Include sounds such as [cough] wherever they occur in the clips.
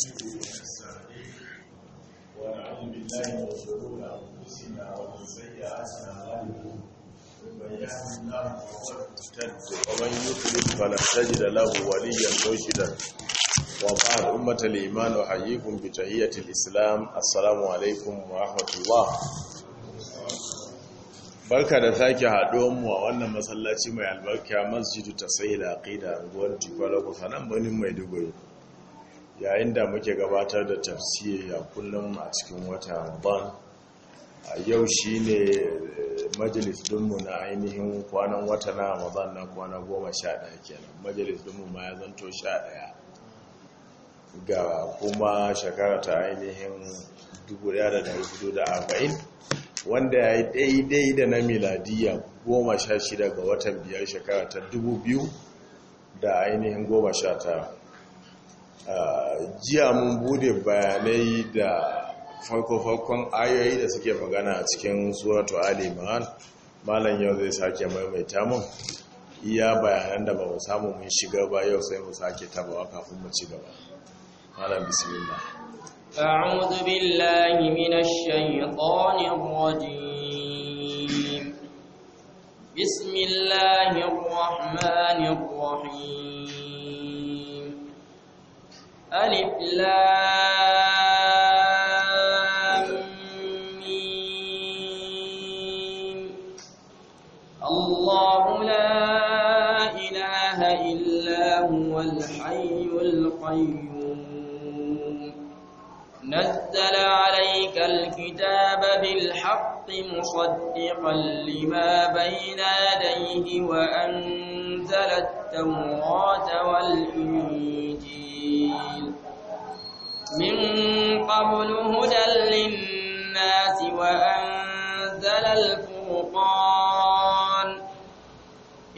ومن يخلق فنحتجد له وليا نوشدا وفعل أمة الإيمان وحييكم بتهية الإسلام السلام عليكم ورحمة barka da sake haɗuwan mu a wannan masallaci mai albarka masjidu tasahila aqida gwon tikwalo ko sanan banin mai dubai yayin da muke gabatar da tafsiri a kullum a cikin wata ramadan a yau shi ne eh, majalis dunmu na ainihin kwanan wata na ramadan na kwana goma sha ɗaya kenan dunmu ma ya zanto sha ɗaya ga kuma shekara ta ainihin 1440 wanda ya yi daidai da na miladiyya goma sha shida ga watan biyar shekara ta 2000 da ainihin goma sha tara jiya mun bude bayanai da farko-farkon ayoyi da suke magana a cikin suratu ali ma'an, malam yau zai sake maimaita mun iya bayanan da ba mu samu mun shiga ba yau sai mu sake tabawa kafin mu ci gaba malam bismillah a'udhu billahi minash shaitanir rajim bismillahir rahmanir rahim ألف لامين الله لا إله إلا هو الحي القيوم نزل عليك الكتاب بالحق مصدقا لما بين يديه وأنزل التوراة والإنجيل من قبل هدى للناس وأنزل الفرقان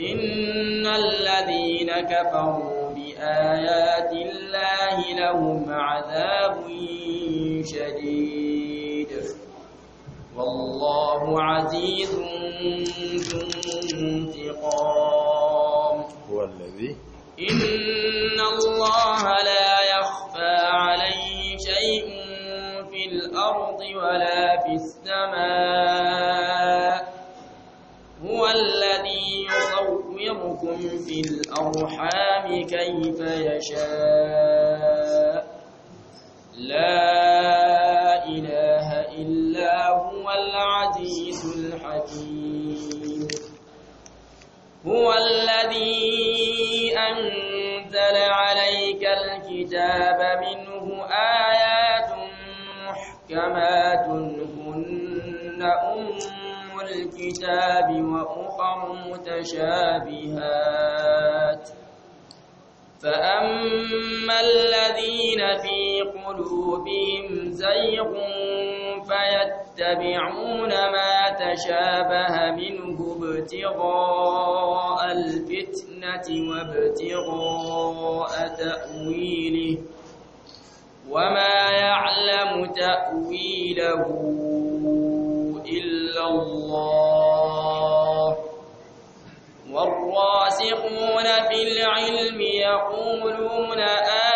إن الذين كفروا بآيات الله لهم عذاب شديد والله عزيز ذو انتقام هو الذي إن الله لا ولا في السماء هو الذي يصوركم في الأرحام كيف يشاء لا إله إلا هو العزيز الحكيم هو الذي أنزل عليك الكتاب منه آية كما تنهن أم الكتاب وأخر متشابهات فأما الذين في قلوبهم زيغ فيتبعون ما تشابه منه ابتغاء الفتنة وابتغاء تأويله وما يعلم تأويله إلا الله والراسخون في العلم يقولون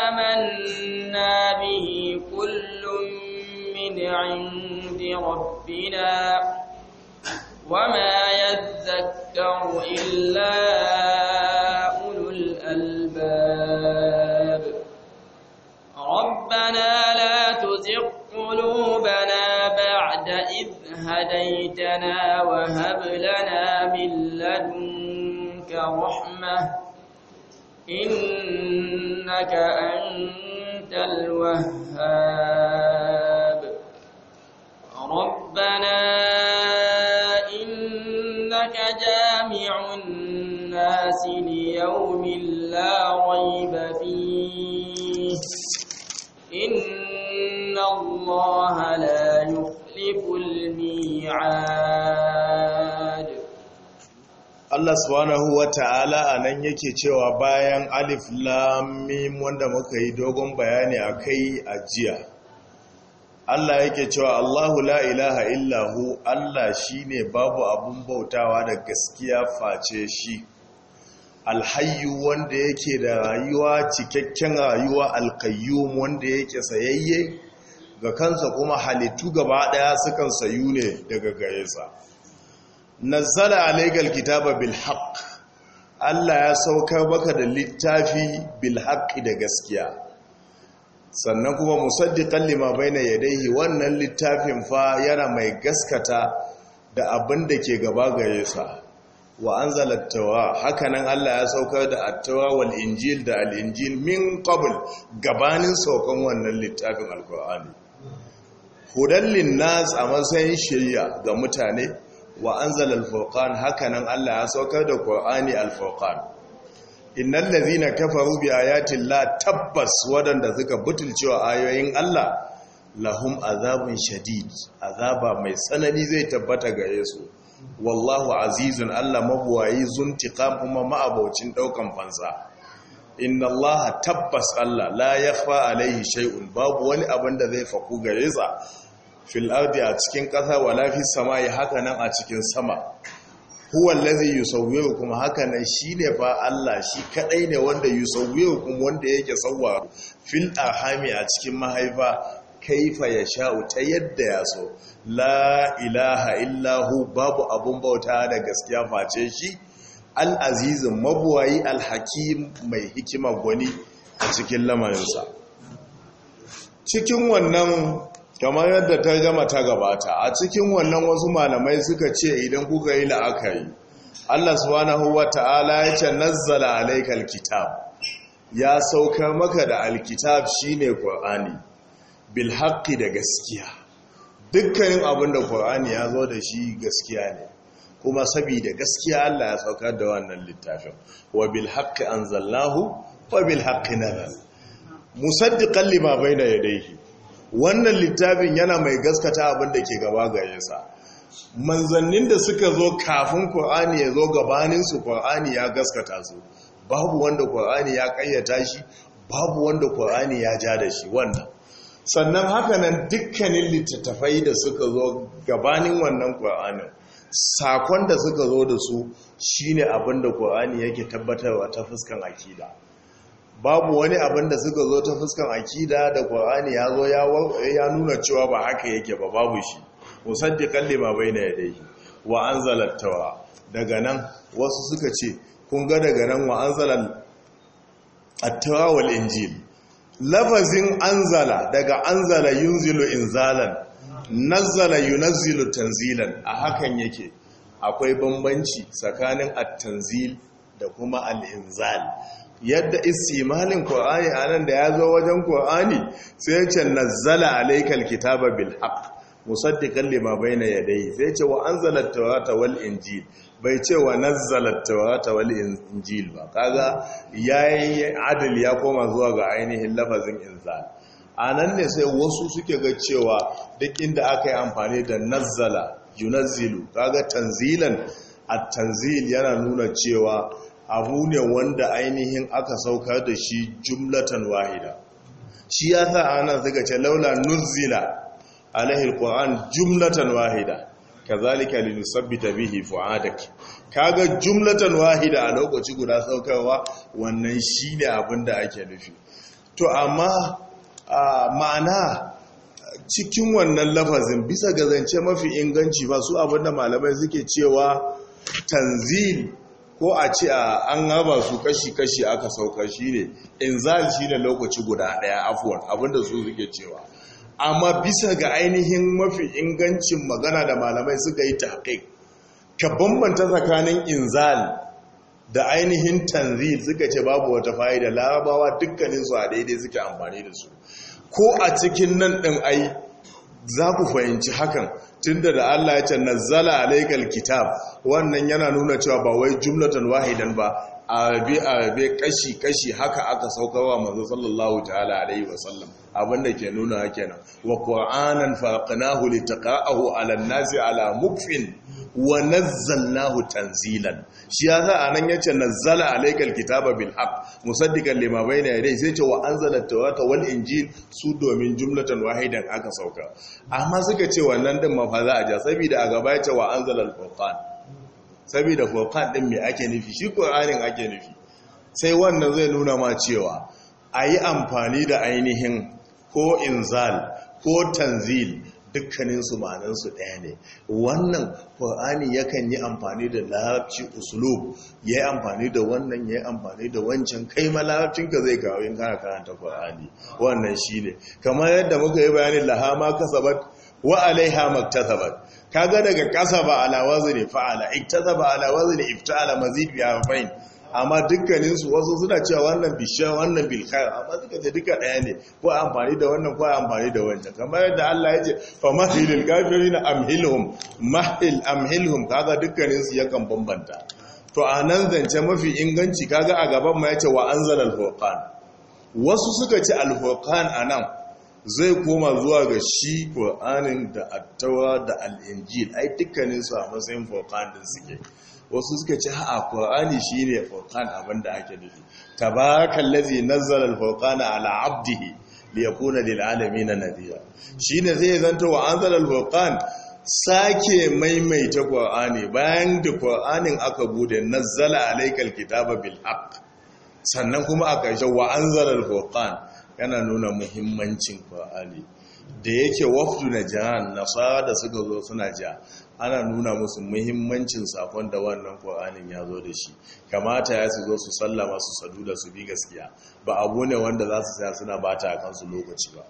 آمنا به كل من عند ربنا وما يذكر إلا لنا وهب لنا من لدنك رحمة إنك أنت الوهاب ربنا إنك جامع الناس ليوم لا ريب فيه إن الله لا mi'ad Allah subhanahu wa ta'ala anan yake cewa bayan alif lam mim wanda muka yi dogon bayani akai a jiya Allah yake cewa Allahu la ilaha illa hu Allah shine babu abun bautawa da gaskiya face shi alhayyu wanda yake da rayuwa cikakken rayuwa alqayyum wanda yake sayayye ga kansa kuma halittu gaba daya sukan sayu ne daga gare sa nazzala alaykal kitaba bil haqq Allah ya saukar baka da littafi bil haqqi da gaskiya sannan kuma musaddiqan lima baina yadayhi wannan littafin fa yana mai gaskata da abin da ke gaba gare sa wa anzalat tawa hakanan Allah ya saukar da at-tawa wal injil da al-injil min qabl gabanin saukan wannan littafin alqur'ani hudan linnas a matsayin shirya ga mutane wa an al-furqan hakanan Allah ya saukar da Kur'ani al da zina kafa rubi a yatin la tabbas waɗanda suka butulcewa ayoyin Allah lahum azabun shadid azaba mai tsanani zai tabbata ga Yesu. wallahu azizun Allah mabuwayi tiƙa kuma ma'abocin ɗaukan fansa inna Allah tabbas Allah la ya alaihi shai'un babu wani abin da zai faku gare sa fil a cikin ƙasa lafi sama yi haka nan a cikin sama yi allazi yusawwirukum haka nan shi ne fa Allah shi kaɗai ne wanda yi kuma wanda yake sauwa fil hami a cikin mahaifa kaifa ya sha'u ta yadda ya so la ilaha illahu babu abun bauta da gaskiya face shi al'azizin mabuwayi alhakim mai hikima gwani a cikin lamarinsa cikin wannan kamar yadda ta gama ta gabata a cikin wannan wasu malamai suka ce idan kuka yi la'akari Allah subhanahu wa ta'ala ya ce nazzala alaika kitab ya saukar maka da alkitab shine qur'ani bil haqqi da gaskiya dukkanin abin da qur'ani ya zo da shi gaskiya ne kuma saboda gaskiya Allah ya saukar da wannan littafin wa bil haqqi anzalnahu wa bil haqqi nazal musaddiqan lima bayna yadayhi wannan littafin yana mai gaskata abinda ke gaba ga manzannin da suka zo kafin Qur'ani ya zo gabanin su Qur'ani ya gaskata su babu wanda Qur'ani ya kayyata shi babu wanda Qur'ani ya ja da shi wannan sannan hakanan dukkanin littattafai da suka zo gabanin wannan ƙur'anin, sakon da suka zo da su shine abinda da Qur'ani yake tabbatarwa ta fuskan akida babu wani abin da suka zo ta fuskan akida da ƙwar'ani ya zo ya nuna cewa ba haka yake ba babu shi musaddiƙan lima bai na yadda yi wa zalattawa daga nan wasu suka ce kun ga daga nan wa zalattawa wal injil lafazin anzala daga anzala yunzilu inzalan nazzala yunazzilu tanzilan a hakan yake akwai bambanci tsakanin at-tanzil da kuma al-inzal yadda istimalin a nan da ya zo wajen ƙur'ani sai ce nazzala laikal kitaba bil haqq musaddiqan na bayna yadayhi sai ce wa anzala at-taurata wal injil bai ce wa nazzala at ta wal injil ba kaga yayi adil ya koma zuwa ga ainihin lafazin inzal nan ne sai wasu suke ga cewa duk inda aka yi amfani da nazzala yunazzilu kaga tanzilan at-tanzil yana nuna cewa abu ne wanda ainihin aka saukar da shi jumlatan wahida shi ya sa ana zaga ce laula nuzila alaihi alquran jumlatan wahida kazalika linusabbita bihi fuadak kaga jumlatan wahida a lokaci guda saukarwa wannan shine da ake nufi to amma ma'ana cikin wannan lafazin bisa ga zance mafi inganci ba su da malamai suke cewa tanzil ko a ce a an haba su kashi-kashi aka sauka shi ne inzal shi ne lokaci guda ɗaya afuwan abinda su suke cewa amma bisa ga ainihin mafi ingancin magana da malamai suka yi taƙiƙ ka bambanta tsakanin inzal da ainihin tanzil suka ce babu wata fa'ida larabawa dukkanin su a daidai suke amfani da su ko a cikin nan ɗin ai za ku fahimci hakan tunda da Allah ya ce nazzala alaikal kitab wannan yana nuna cewa ba wai jumlatan wahidan ba a arabe kashi kashi haka aka saukarwa manzo sallallahu ta'ala alaihi wasallam abinda ke nuna kenan wa qur'anan faqnahu litaqa'ahu 'alan nasi ala mukfin wa nazzalnahu tanzilan shi ya za a nan yace nazzala alaikal kitaba bil haqq musaddiqan lima bayna yadayhi sai ce wa anzala tawrata wal injil su domin jumlatan wahidan aka sauka amma suka ce wannan din ma za a ja saboda a gaba yace wa anzala al furqan saboda furqan din me ake nufi shi qur'anin ake nufi sai wannan zai nuna ma cewa ayi amfani da ainihin ko inzal ko tanzil dukkaninsu su ɗaya ne wannan ƙwa'ani yakan yi amfani da larabci usulub ya yi amfani da wannan ya yi amfani da wancan kai ma larabcinka zai kawo yin kana karanta ƙwa'ani wannan shi ne kamar yadda muka yi bayanin lahama kasabat wa alaiha maktasabat ga daga kasa ba ala ne fa'ala ba ala wazni ifta'ala mazid bi fain. amma dukkaninsu wasu suna cewa wannan bishiyar, wannan bilkar amma suka ce duka ɗaya ne ko amfani da wannan ko amfani da wancan kamar yadda Allah ya ce fa mahilil kafirin amhilhum mahil amhilhum kaga dukkaninsu yakan bambanta to a nan zance mafi inganci kaga a gaban ma ya ce wa anzal al-furqan wasu suka ce al-furqan anan zai koma zuwa ga shi Qur'anin da attawa da al-injil ai dukkaninsu a matsayin furqan din suke wasu suka ci a ƙur'ani shi ne furqan abinda ake nufi tabarakal ladzi nazzala al'abdi furqana ala 'abdihi liyakuna na nadiya Shi ne zai zanto wa an zarar furqan sake maimaita ƙur'ani bayan da ƙur'anin aka bude nazzala alaikal kitaba bil sannan kuma a ƙarshe wa an zarar yana nuna muhimmancin ƙur'ani da yake wafdu na jihar nasara da suka zo suna ja ana nuna musu muhimmancin sakon da wannan ƙur'anin ya zo da shi kamata ya su zo su sallama su sadu da su bi gaskiya ba abu ne wanda za su saya suna bata a kansu lokaci ba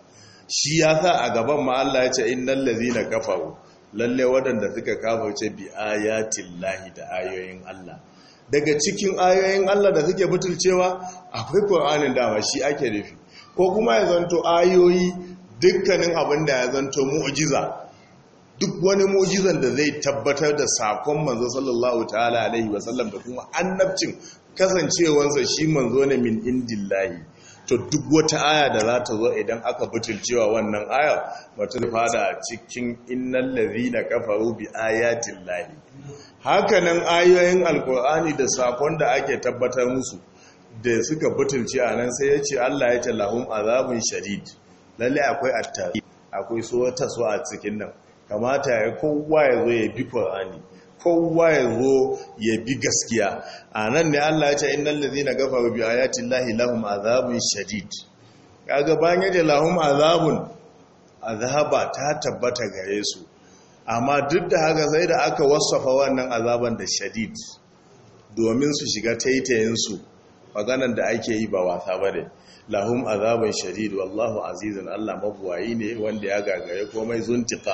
shi ya sa a gaban ma Allah ya ce innal ladzina kafaru lalle waɗanda suka ce bi ayatin lahi da ayoyin Allah daga cikin ayoyin Allah da suke butulcewa akwai Qur'anin dama shi ake nufi ko kuma ya zanto ayoyi dukkanin abin da ya zanto mu'jiza duk wani mu'jizan da zai tabbatar da sakon manzo sallallahu ta'ala alaihi wasallam da kuma annabcin kasancewansa shi manzo ne min indillahi to duk wata aya da za ta zo idan aka butulcewa wannan aya mutum fada cikin innal ladhina kafaru bi ayatin layi. hakanan ayoyin alkur'ani da sakon da ake tabbatar musu da suka butulce a nan sai ya ce Allah ya talahum azabun shadid lalle akwai attari akwai so ta so a cikin nan kamata ya kowa ya zo ya bi ƙwar'ani kowa ya zo ya bi gaskiya a nan ne allah ya ce innan lazi na gafa ya ci lahi lahum azabun shadid kaga bayan yaje lahum azabun azaba ta tabbata gare su amma duk da haka sai da aka wasafa wannan azaban da shadid domin su shiga taitayinsu maganan da ake yi ba wasa ba ne lahum azabun shadid wallahu a'zizin allah mabuwayi ne wanda ya gagaye komai zuntika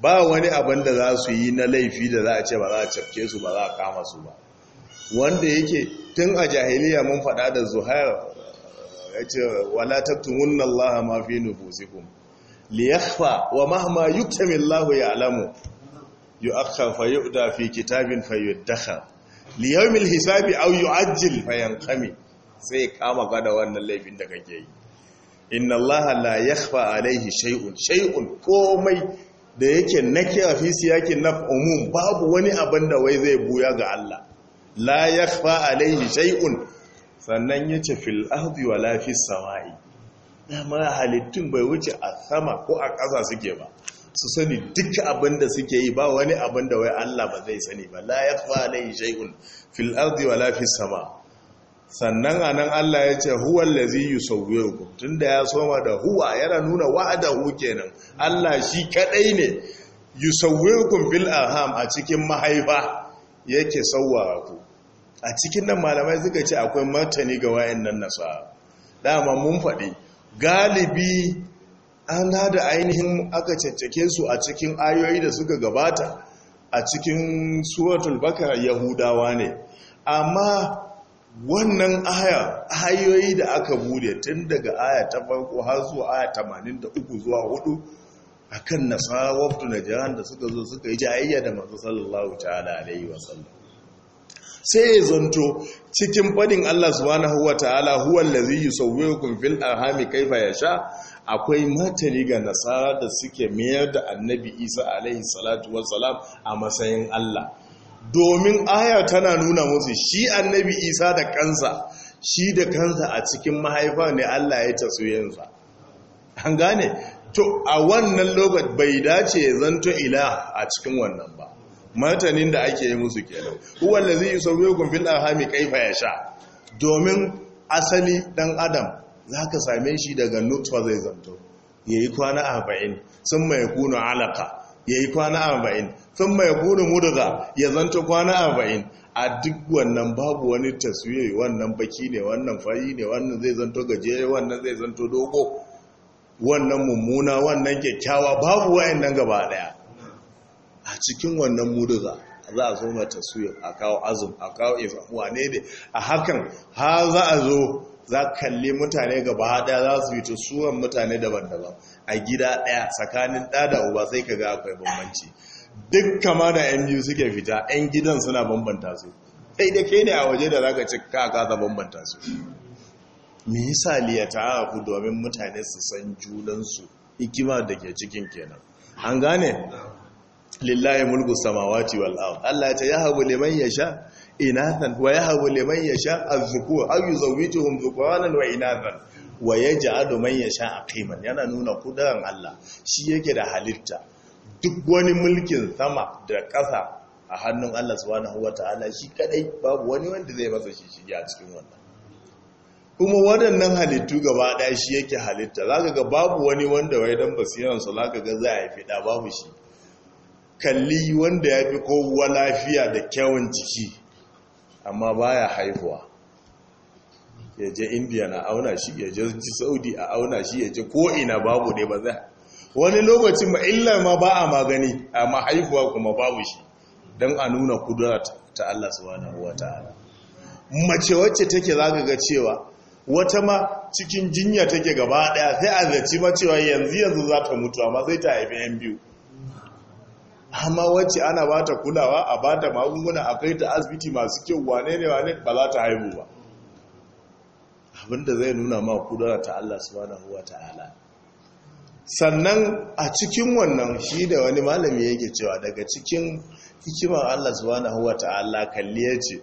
ba wani abin da za su yi na laifi da za a ce ba za a cafke su ba za a kama su ba wanda yake tun a jahiliya mun faɗa da zuhair ya ce wala tattumunna Allah ma fi nufusikum liyakhfa wa mahma ya alamu ya'lamu yu'akhkhar fa fi kitabin fa yuddakhar li yawmil hisabi aw yu'ajjil fa yanqami sai kama gada wannan laifin da kake yi inna Allah la yakhfa alaihi shay'un shay'un komai da yake nakira fi siyakin na umum babu wani abin da wai zai buya ga Allah la yakhfa alaihi shay'un sannan ya ce fil ardi wala fis samai dama halittun bai wuce a sama ko a ƙasa suke ba su sani duk abin da suke yi ba wani abin da wai Allah ba zai sani ba la yakhfa alaihi shay'un fil ardi wala fis sannan anan Allah ya ce huwan lazi yi sauye tun da ya soma da huwa yana nuna wa'ada huke nan. Allah shi kadai ne yi sauye bil arham a cikin mahaifa yake sauwa ku a cikin nan malamai suka ce akwai martani ga wayan nan nasara dama mun faɗi galibi an da ainihin aka caccake su a cikin ayoyi da suka gabata a cikin suratul bakar yahudawa ne amma wannan aya ayoyi da aka bude tun daga aya ta farko har zuwa aya da uku zuwa 4 akan nasawabtu na jihar da suka zo suka yi jayayya da masu sallallahu ta'ala alaihi wasallam sai ya zanto cikin fadin Allah subhanahu wa ta'ala huwal ladhi yusawwirukum fil arhami kaifa sha akwai matani ga nasara da suke mayar da annabi Isa alaihi salatu wasalam a matsayin Allah domin aya tana nuna musu shi annabi isa da kansa shi da kansa a cikin mahaifa ne allah ya suyensa an gane to a wannan lokacin bai dace zanto ila a cikin wannan ba martanin da ake yi musu kenan da zai yi sauye Hami, kaifa ya sha domin asali ɗan adam za ka same shi daga nutfa zai zanto ya yi kwana arba'in sun mai kuna alaka ya yi kwana arba'in sun mai buri murza ya zanto kwana arba'in a duk wannan babu wani taswiri wannan baki ne wannan fari ne wannan zai zanto gaje wannan zai zanto dogo wannan mummuna wannan kyakkyawa babu wayan nan gaba daya a cikin wannan murza za a zo mata suya a kawo azum a kawo ifa ne ne a hakan ha za a zo za kalli mutane gaba daya za su yi mutane daban-daban a gida ɗaya, tsakanin da da uba sai ka ga akwai bambanci duk kama da yan biyu suke fita yan gidan suna bambanta su da ke ne a waje da za ka ci ka kasa bambanta su me yasa ta ku domin mutane su san junansu hikima da ke cikin kenan an gane lillahi mulku samawati wal ard Allah ta yahabu liman yasha inathan wa yahabu liman yasha az-zukur aw yuzawwijuhum dhukuran wa inathan wa yaj'alu man yasha aqiman yana nuna kudaran Allah shi yake da halitta duk wani mulkin sama da kasa a hannun Allah subhanahu wataala shi kadai babu wani wanda zai masa shi shi a cikin wannan kuma waɗannan halittu gaba ɗaya shi yake halitta zaka ga babu wani wanda wai dan basiran basiransa zaka ga za a yi fida babu shi kalli wanda ya fi kowa lafiya da kyawun jiki amma baya haihuwa ya je indiya na auna shi ya je saudi a auna shi ya je ko'ina babu ne ba zai wani lokacin ma illa ma ba a magani amma haihuwa kuma babu shi don a nuna kudura ta Allah subhanahu wa ta'ala mace wacce take zaka cewa wata ma cikin jinya take gaba daya sai a zaci ma cewa yanzu yanzu za ta mutu amma zai ta haifi yan biyu amma wacce ana ba ta kulawa a ba ta magunguna a kai ta asibiti masu kyau wane ne wane ba za ta haihu ba abinda zai nuna ma kudura ta Allah huwa ta ta'ala sannan a cikin wannan shi da wani malami yake cewa daga cikin hikimar Allah huwa ta ta'ala kalli ya ce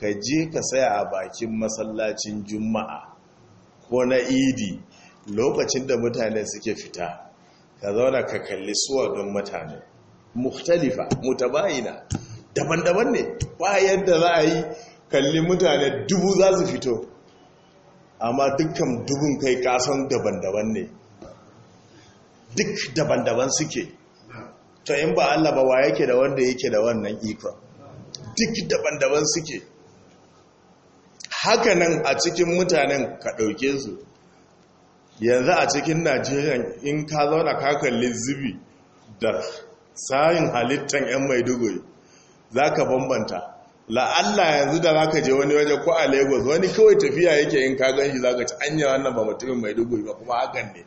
ka je ka saya a bakin masallacin juma'a ko na idi lokacin da mutane suke fita ka zauna ka kalli suwa don mutane muhtalifa mutabayina daban-daban ne ba yadda za a yi kalli mutane dubu za su fito amma dukkan dubun kai kasan daban-daban ne duk daban-daban suke to in ba Allah ba wa yake da wanda yake da wannan ikon duk daban-daban suke hakanan a cikin mutanen ka ɗauke su yanzu a cikin najeriya in ka zauna ka kalli zubi da sayin halittar 'yan maiduguri za ka bambanta la'alla yanzu da za ka je wani waje ko a lagos wani kawai tafiya yake yin kagan shi za ka ci anya wannan ba mutumin maiduguri ba kuma hakan ne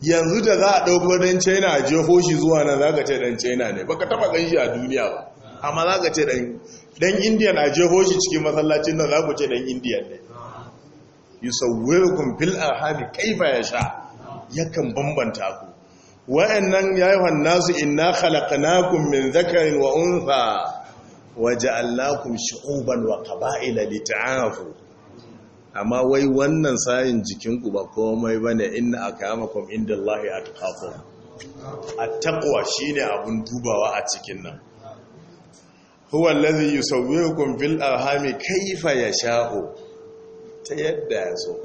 yanzu da za a ɗauko ɗan china a jeho shi zuwa nan za ka ce ɗan china ne ba ka taɓa gan shi a duniya ba amma za ka ce ɗan indiyan a jeho shi cikin masallacin nan za ku ce ɗan indiyan ne yusawwirukum fil arhami kaifa sha yakan bambanta ku wa'annan ya yi ina inna khalaqnakum min zakarin wa untha wa ja'alnakum shu'uban wa da lita'arafu amma wai wannan sayin jikinku ba komai ba ne, bane inna akramakum indallahi a at shi ne abin dubawa a cikin nan huwa allazi yusawwirukum fil kaifa ya sha'o ta yadda ya so.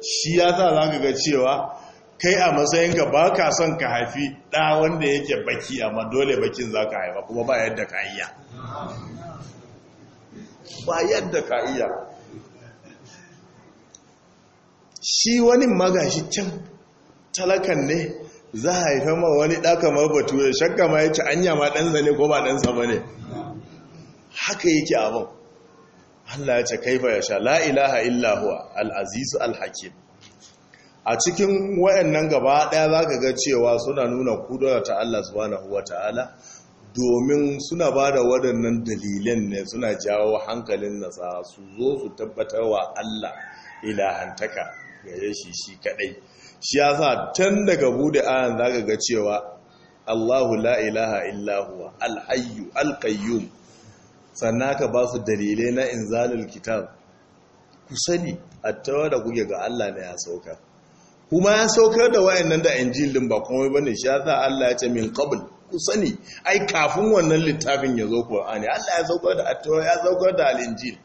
shi ya za ka ga cewa kai a ka ba ka son ka haifi ɗa wanda yake baki amma dole bakin za ka haifa kuma ba yadda ka iya ba yadda ka iya shi wani magashi can talakan ne za a haifa ma wani ɗa kamar batu da shakka ma ya ci anya ma ɗansa ne ko ba ɗansa ba ne haka yake abin Allah ya ce kaifa ya sha la ilaha illahuwa al-hakim a cikin wayannan gaba daya zaka ga cewa suna nuna kudura ta Allah subhanahu wataala domin suna ba da waɗannan dalilan ne suna jawo hankalin nasara su zo su tabbatar wa Allah ilahantaka gare shi shi kadai shi ya sa tun daga bude ayan zaka ga cewa Allahu la ilaha illa huwa al qayyum sannan ka ba su dalilai na inzalul kitab ku sani attawa da kuke ga Allah ne ya sauka kuma ya saukar da wayannan da injilin ba kuma bane shi sa Allah ya ce min qabl ku sani ai kafin wannan littafin ya zo Qur'ani Allah ya saukar da at ya saukar da al-Injil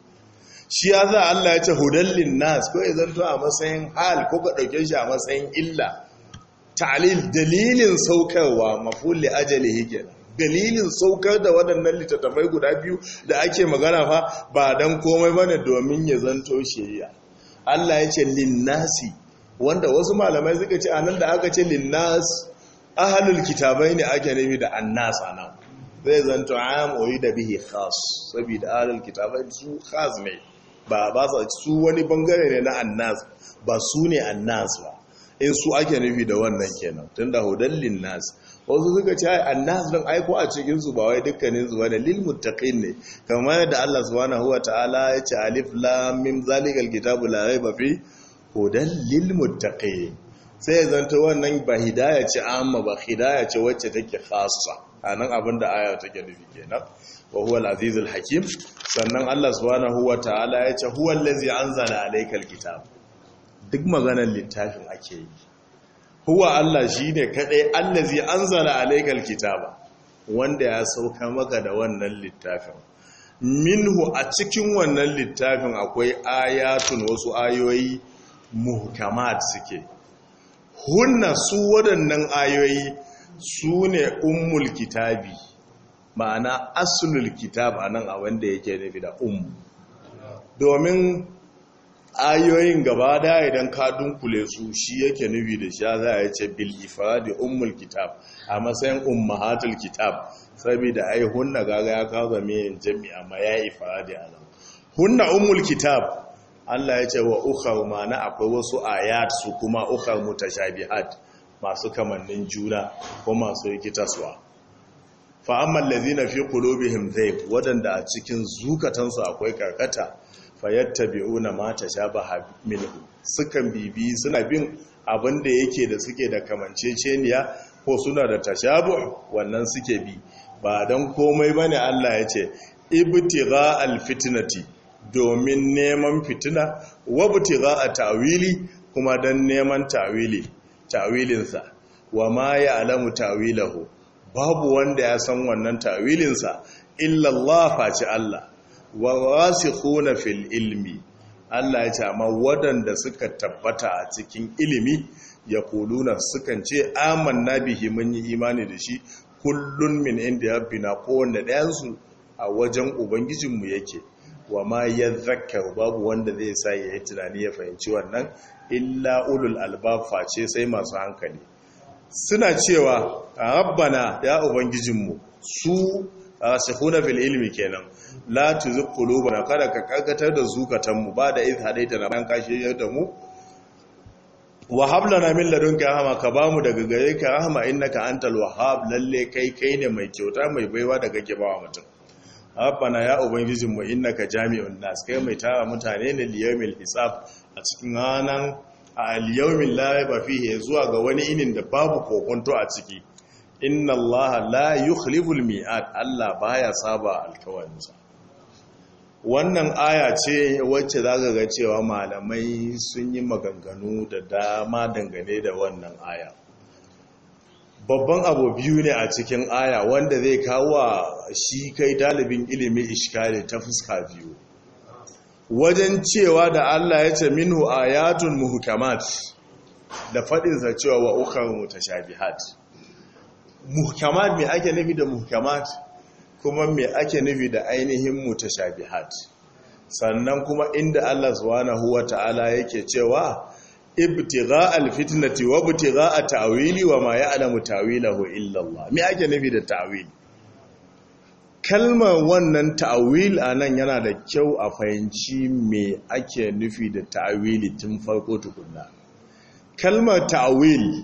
shi ya sa Allah ya ce lin nas ko ya zanto a matsayin hal ko ka dauke shi a matsayin illa ta'lil dalilin saukarwa maful li ajali hijr dalilin saukar da waɗannan littattafai guda biyu da ake magana fa ba dan komai bane domin ya zanto shari'a Allah ya ce linnasi wanda wasu malamai suka ce anan da aka ce linnas ahalul kitabai ne ake nufi da annasa nan. zai zanto am oyi da bihi khas saboda ahalul kitabai su khas ne ba ba su wani bangare ne na annas ba su ne annas ba in eh, su ake nufi da wannan kenan tunda hudan linnas wasu suka ce ai annas din aiko a cikin su ba wai dukkanin su bane lil muttaqin ne kamar yadda Allah subhanahu wataala ya ce alif lam mim zalikal kitabu la raiba fi hudan lil muttaqin sai zanto wannan ba hidaya ce amma ba hidaya ce wacce take khassa anan abinda aya take nufi kenan wa huwa al-azizul hakim sannan Allah subhanahu wa ta'ala ya ce huwa allazi anzala alayka kitab duk maganar littafin ake yi huwa Allah shine kadai allazi anzala alayka al-kitaba wanda ya sauka maka da wannan littafin minhu a cikin wannan littafin akwai ayatun wasu ayoyi muhkamat suke hunna su waɗannan ayoyi su ne ummul kitabi ma'ana asulul kitab a nan a wanda yake nufi da ummu domin ayoyin gaba da idan ka dunkule su shi yake nufi da shi za a ce bil da ummul kitab a matsayin ummahatul kitab saboda ai hunna gaga ya kawo zame jami'a ma ya ifa da nan hunna ummul kitab Allah ya ce wa ukhar mana akwai wasu ayat su kuma ukhar mutashabihat masu kamannin juna ko masu rikitaswa fa amma allazina fi qulubihim zayb wadanda a cikin zukatansu akwai karkata fayattabi'una ma tashabaha minhu sukan bibi suna bin abin da yake da suke da kamanceceniya ko suna da tashabu wannan suke bi ba dan komai bane Allah ya ce ibtigha alfitnati domin neman fitina wabuti za a ta'wili kuma don neman ta'wili ta'wilinsa wa ma ya alamu ta'wilahu babu wanda ya san wannan ta'wilinsa illallah faci Allah wa wasikhuna fil ilmi Allah ya ce amma waɗanda suka tabbata a cikin ilimi ya kuluna sukan ce amanna bihi mun yi imani da shi kullum min inda ya bina kowanne ɗayansu a wajen ubangijinmu yake wa ma zakar babu wanda zai sa ya yi tunani ya fahimci wannan illa ulul albafa ce sai masu hankali suna cewa a rabbana ya ubangijinmu su rasihuna fil ilmi kenan la tuzigh qulubana kada ka karkatar da zukatanmu ba da idh na bayan kashe da mu wa hablana min ladunka rahma ka bamu daga gare ka rahma innaka antal wahhab lalle kai kai ne mai kyauta mai baiwa daga ke mutum rabbana ya ubangijin mu innaka jami'un nas kai mai tara mutane na liyamil hisab a cikin ranan al-yawmin la fihi zuwa ga wani inin da babu kokonto a ciki inna allaha la yukhlifu miad allah baya saba alkawarinsa wannan aya ce wacce zaka cewa malamai sun yi maganganu da dama dangane da wannan aya babban abu biyu ne a cikin aya wanda zai kawo shi kai dalibin ilimi iskali ta fuska biyu wajen cewa da Allah ya ce minhu ayatun muhkamat da sa cewa wa ukhra mutashabihat muhkamat me ake nufi da muhkamat kuma me ake nufi da ainihin mutashabihat sannan kuma inda Allah subhanahu Taala yake cewa ibtigha alfitnati wa ibtigha atawili wa ma ya'lamu tawilahu illa Allah me ake nufi da tawili kalmar wannan tawil a nan yana da kyau a fahimci me ake nufi da ta'awili tun farko tukunna kalmar tawil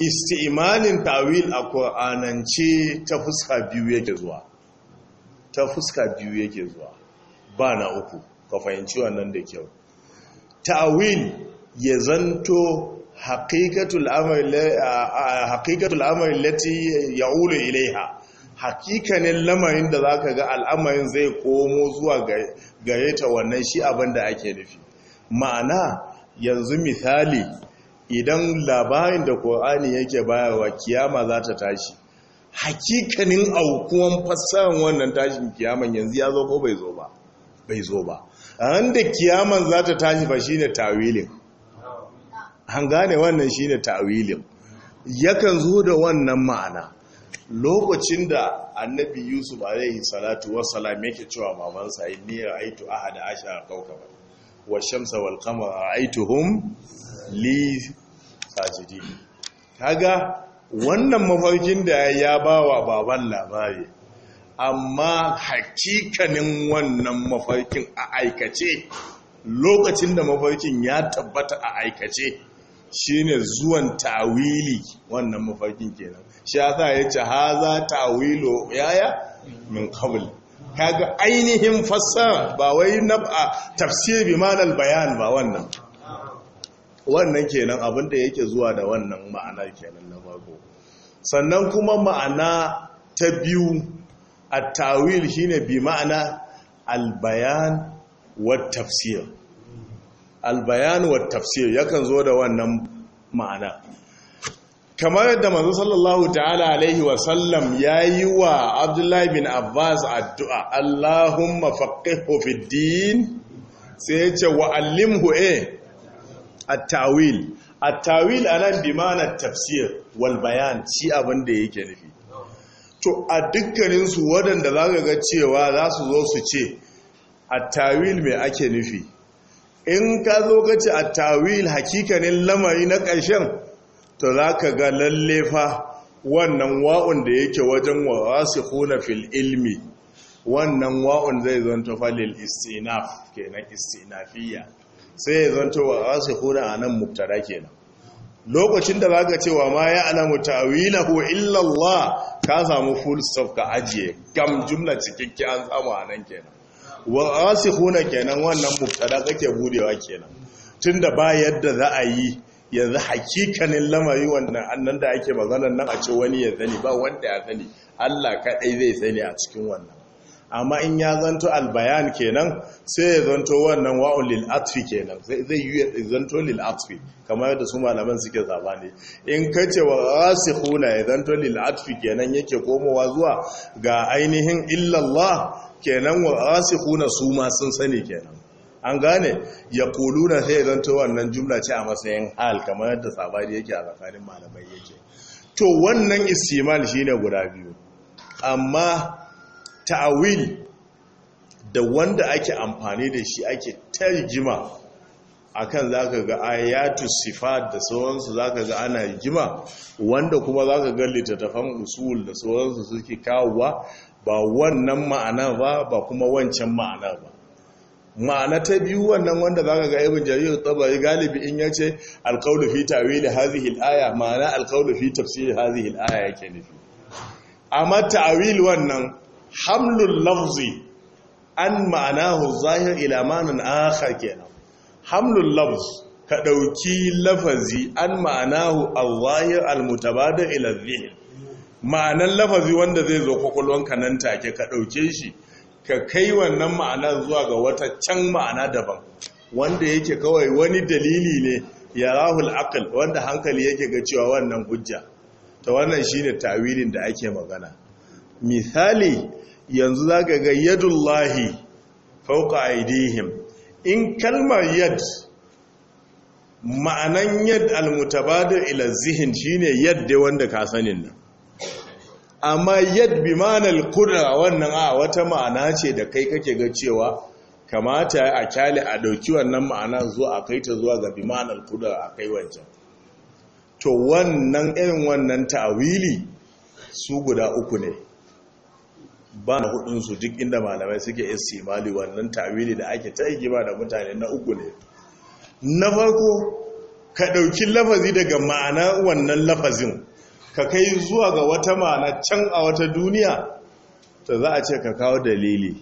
isti'imalin tawil a ƙur'anance ta fuska biyu yake zuwa ta fuska biyu yake zuwa ba na uku ka fahimci wannan da kyau ta'awil ya zanto haƙiƙatul amari lati ya ulo ilaiha haƙiƙanin lamarin da za ka ga al'amarin zai komo zuwa gare ta wannan shi abin da ake nufi ma'ana yanzu misali idan labarin da ƙorani yake bayarwa kiyama za ta tashi haƙiƙanin aukuwan fassarar wannan tashin kiyaman yanzu ya zo ko bai zo ba bai zo ba ran da kiyaman za ta tashi ba shine tawilin an gane wannan shine ta'wilin yakan zo da wannan ma'ana lokacin da annabi yusuf alaihi salatu wassalam yake cewa mamansa inni ra'aytu ahada ashara kawkaban wa shamsa wal qamara ra'aytuhum li sajidin kaga wannan mafarkin da ya bawa baban labari amma hakikanin wannan mafarkin a aikace lokacin da mafarkin ya tabbata a aikace shine zuwan tawili wannan mafarkin kenan shi yasa yace haza tawilo yaya min qabl kaga ainihin fassara ba wai nab'a tafsir bi manal bayan ba wannan wannan kenan abinda yake zuwa da wannan ma'ana kenan na farko sannan kuma ma'ana ta biyu at-tawil shine bi ma'ana al-bayan wa tafsir albayanu wa tafsir yakan zo da wannan ma'ana kamar yadda manzo sallallahu ta'ala alaihi wa sallam yayi wa abdullahi bin abbas addu'a allahumma faqihhu fid din sai ce wa allimhu eh at-tawil at-tawil anan bi ma'ana tafsir wal bayan shi abin da yake nufi to a dukkaninsu waɗanda za ga cewa za su zo su ce a tawil mai ake nufi in ka zo ka a tawil hakikanin lamari na ƙarshen to za ka ga lallefa wannan wa'un da yake wajen wa wasu kuna fil ilmi wannan wa'un zai zonta falil istinaf kenan istinafiya sai ya zonto wa wasu kuna a nan ke kenan lokacin da za ka cewa ma ya alamu tawila ko illallah ka samu full stop ka ajiye gam jumla cikakki an samu a nan kenan wa asikhuna kenan wannan mubtada kake budewa kenan tunda ba yadda za a yi yanzu hakikanin lamari wannan annan da ake magana nan a ce wani ya zani ba wanda ya zani. Allah kaɗai zai sani a cikin wannan amma in ya zanto albayan kenan sai ya zanto wannan wa'un lil kenan zai yi ya zanto lil kamar yadda su malaman suke zaba ne in kace wa rasikhuna ya zanto lil atfi kenan yake komowa zuwa ga ainihin illallah kenan wa asikhuna su ma sun sani kenan an gane ya na sai to wannan jumla ce a matsayin hal kamar yadda sabari yake a tsakanin malamai yake to wannan istimal shine guda biyu amma ta'awil da wanda ake amfani da shi ake tarjima akan zaka ga ayatu sifat da sauransu zaka ga ana jima wanda kuma zaka ga littattafan usul da sauransu suke kawowa ba wannan ma'ana ba ba kuma wancan ma'ana ba ma'ana ta biyu wannan wanda za zaka ga ibn jarir tabari galibi in yace alqawlu fi ta'wil hadhihi al-aya ma'ana alqawlu fi tafsir hadhihi al-aya yake nufi amma ta'wil wannan hamlul lafzi an ma'anahu zahir ila ma'anan akhar kenan hamlul lafz ka dauki lafazi an ma'anahu al-zahir al-mutabadil ila dhihn ma'anan lafazi wanda zai zo kwakwalwanka nan take ka ɗauke shi ka kai wannan ma'anar zuwa ga wata can ma'ana daban wanda yake kawai wani dalili ne ya rahul akal wanda hankali yake ga cewa wannan hujja ta wannan shi ne tawilin da ake magana misali yanzu zaka ga yadullahi fauka aidihim in kalmar yad ma'anan yad al-mutabar almutabadil ila zihin ne yadda wanda ka sanin nan amma yad bi manal wannan a wata ma'ana ce da kai kake ga cewa kamata a kyale a dauki wannan ma'ana zuwa a kai ta zuwa ga bi manal kudra a kai wancan to wannan irin wannan ta'awili su guda uku ne ba na hudunsu duk inda malamai suke istimali wannan ta'awili da ake ta igima da mutane na uku ne na farko ka dauki lafazi daga ma'ana wannan lafazin ka kai zuwa ga wata mana can a wata duniya ta za a ce ka kawo dalili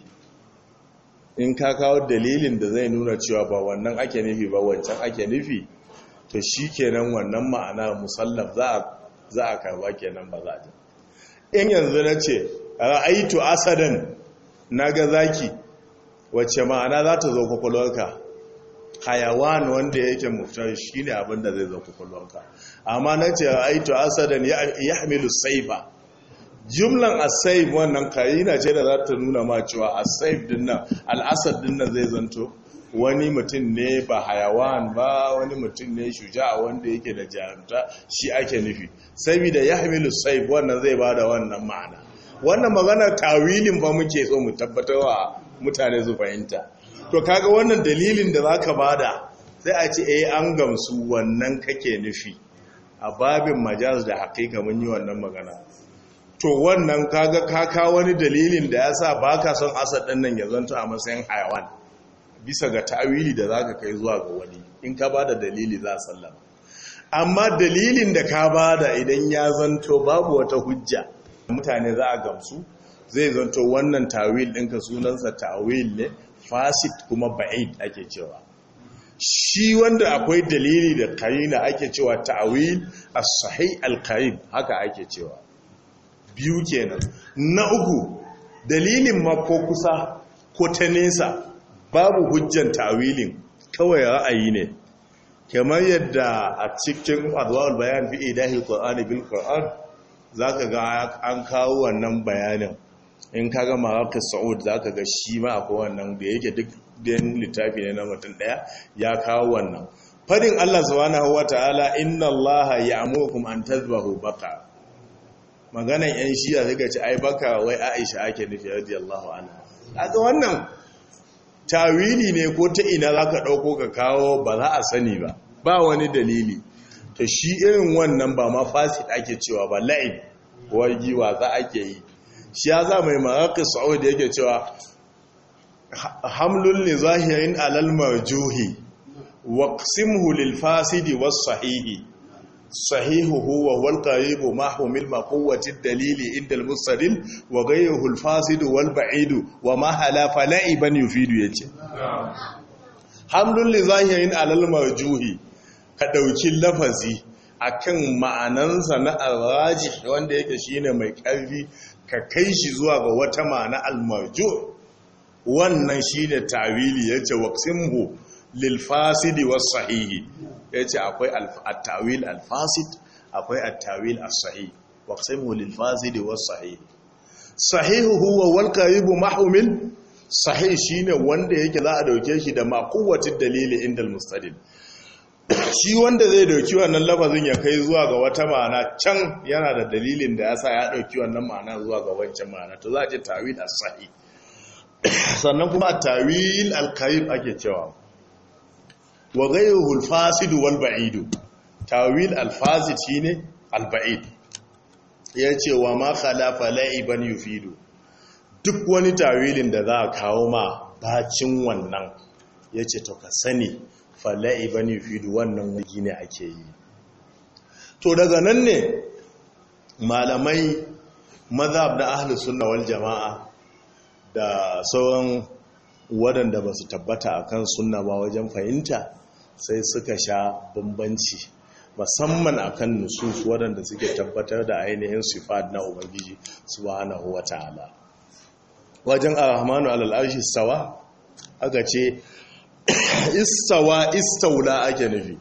in ka kawo dalilin da zai nuna cewa ba wannan ake nufi ba wancan ake nufi to shi kenan wannan ma'ana musallaf za a karba kenan ba za a in yanzu na ce ra'aitu asadan na ga zaki wacce ma'ana za ta zo kwakwalwarka hayawan wanda yake mutar shi ne abinda zai zo kwakwalwarka amma na ce aitu asadan ya hamilu ba. jumlan asaif wannan kayi kayina ce da za ta nuna ma cewa asaif dinnan al'asad dinnan zai zanto wani mutum ne ba hayawan ba wani mutum ne shuja'a wanda yake da jarumta shi ake nufi sabida ya hamilu wannan zai ba da wannan ma'ana wannan magana tawilin ba muke so mu tabbatar wa mutane su fahimta to kaga wannan dalilin da zaka bada sai a ce eh an gamsu wannan kake nufi a babin majaz da haƙiƙa mun yi wannan magana to wannan kaga kaka wani dalilin da ya sa ba ka son asad ɗin nan ya zanto a matsayin hayawan bisa ga ta'awili da za ka kai zuwa ga wani in ka ba da dalili za a sallama amma dalilin da ka ba da idan ya zanto babu wata hujja mutane za a gamsu zai zanto wannan tawil ɗinka sunansa tawil ne fasit kuma ba'id ake cewa shi wanda akwai dalili da karina ake cewa ta'awil as-sahih al haka ake cewa biyu kenan na uku dalilin ma ko kusa ko ta nesa babu hujjan ta'awilin kawai ra'ayi ne kamar yadda a cikin adwal bayan fi idahi qur'ani bil qur'an zaka ga an kawo wannan bayanin in ka kaga mawaƙi sa'ud zaka ga shi ma akwai wannan da yake duk ɗayan littafi ne na mutum ɗaya ya kawo wannan fadin Allah subhanahu wa ta'ala inna Allah ya'murukum an tazbahu baka. maganan yan shiya suka ci ai baka wai Aisha ake nufi radiyallahu A kaga wannan tawili ne ko ta ina zaka ɗauko ka kawo ba za a sani ba ba wani dalili to shi irin wannan ba ma fasid ake cewa ba la'in. ko za ake yi shi ya za mai maraqis saudi yake cewa hamlun zahirin alal marjuhi wa qsimhu lil fasidi was sahihi sahihu huwa, wal qaribu ma humil maqwati dalili inda al mustadil wa ghayruhu al fasidu wal ba'idu wa ma halafa la'iban yufidu yace hamlun zahirin alal marjuhi ka dauki lafazi akan ma'anansa na arraji wanda yake shine mai karfi ka kai shi zuwa ga wata ma'ana al marjuh wannan shi ne tawili ya ce waksimhu lilfasidi wasu sahihi ya ce akwai attawil alfasid akwai attawil as-sahih lilfasidi wasu sahihi sahihu huwa wal qaribu mahumil sahih shine wanda yake za a dauke shi da maquwwatin dalili inda al-mustadil [clears throat] shi wanda zai dauki wannan labarin ya kai zuwa ga wata ma'ana can yana da dalilin da ya sa ya dauki wannan ma'ana zuwa ga wancan ma'ana to za a ce tawil as-sahih sannan kuma a tawil al ake cewa wa gairu al wal ba'idu, tawil al-fasid shine alba'id ya ce wa ma khalafa la'iban yufidu duk wani tawilin da za a kawo ma bacin wannan ya ce to ka sani fa yufidu wannan wagi ne ake yi to daga nan ne malamai mazhab na ahlus sunna wal jama'a da sauran waɗanda ba su tabbata a kan sunna ba wajen fahimta sai suka sha bambanci musamman a kan nusus waɗanda suke tabbatar da ainihin sifad na ubangiji su ba subhanahu huwa ta'ala wajen alhamanu al'arshi sawa aka ce [coughs] isawa istaula ake nufi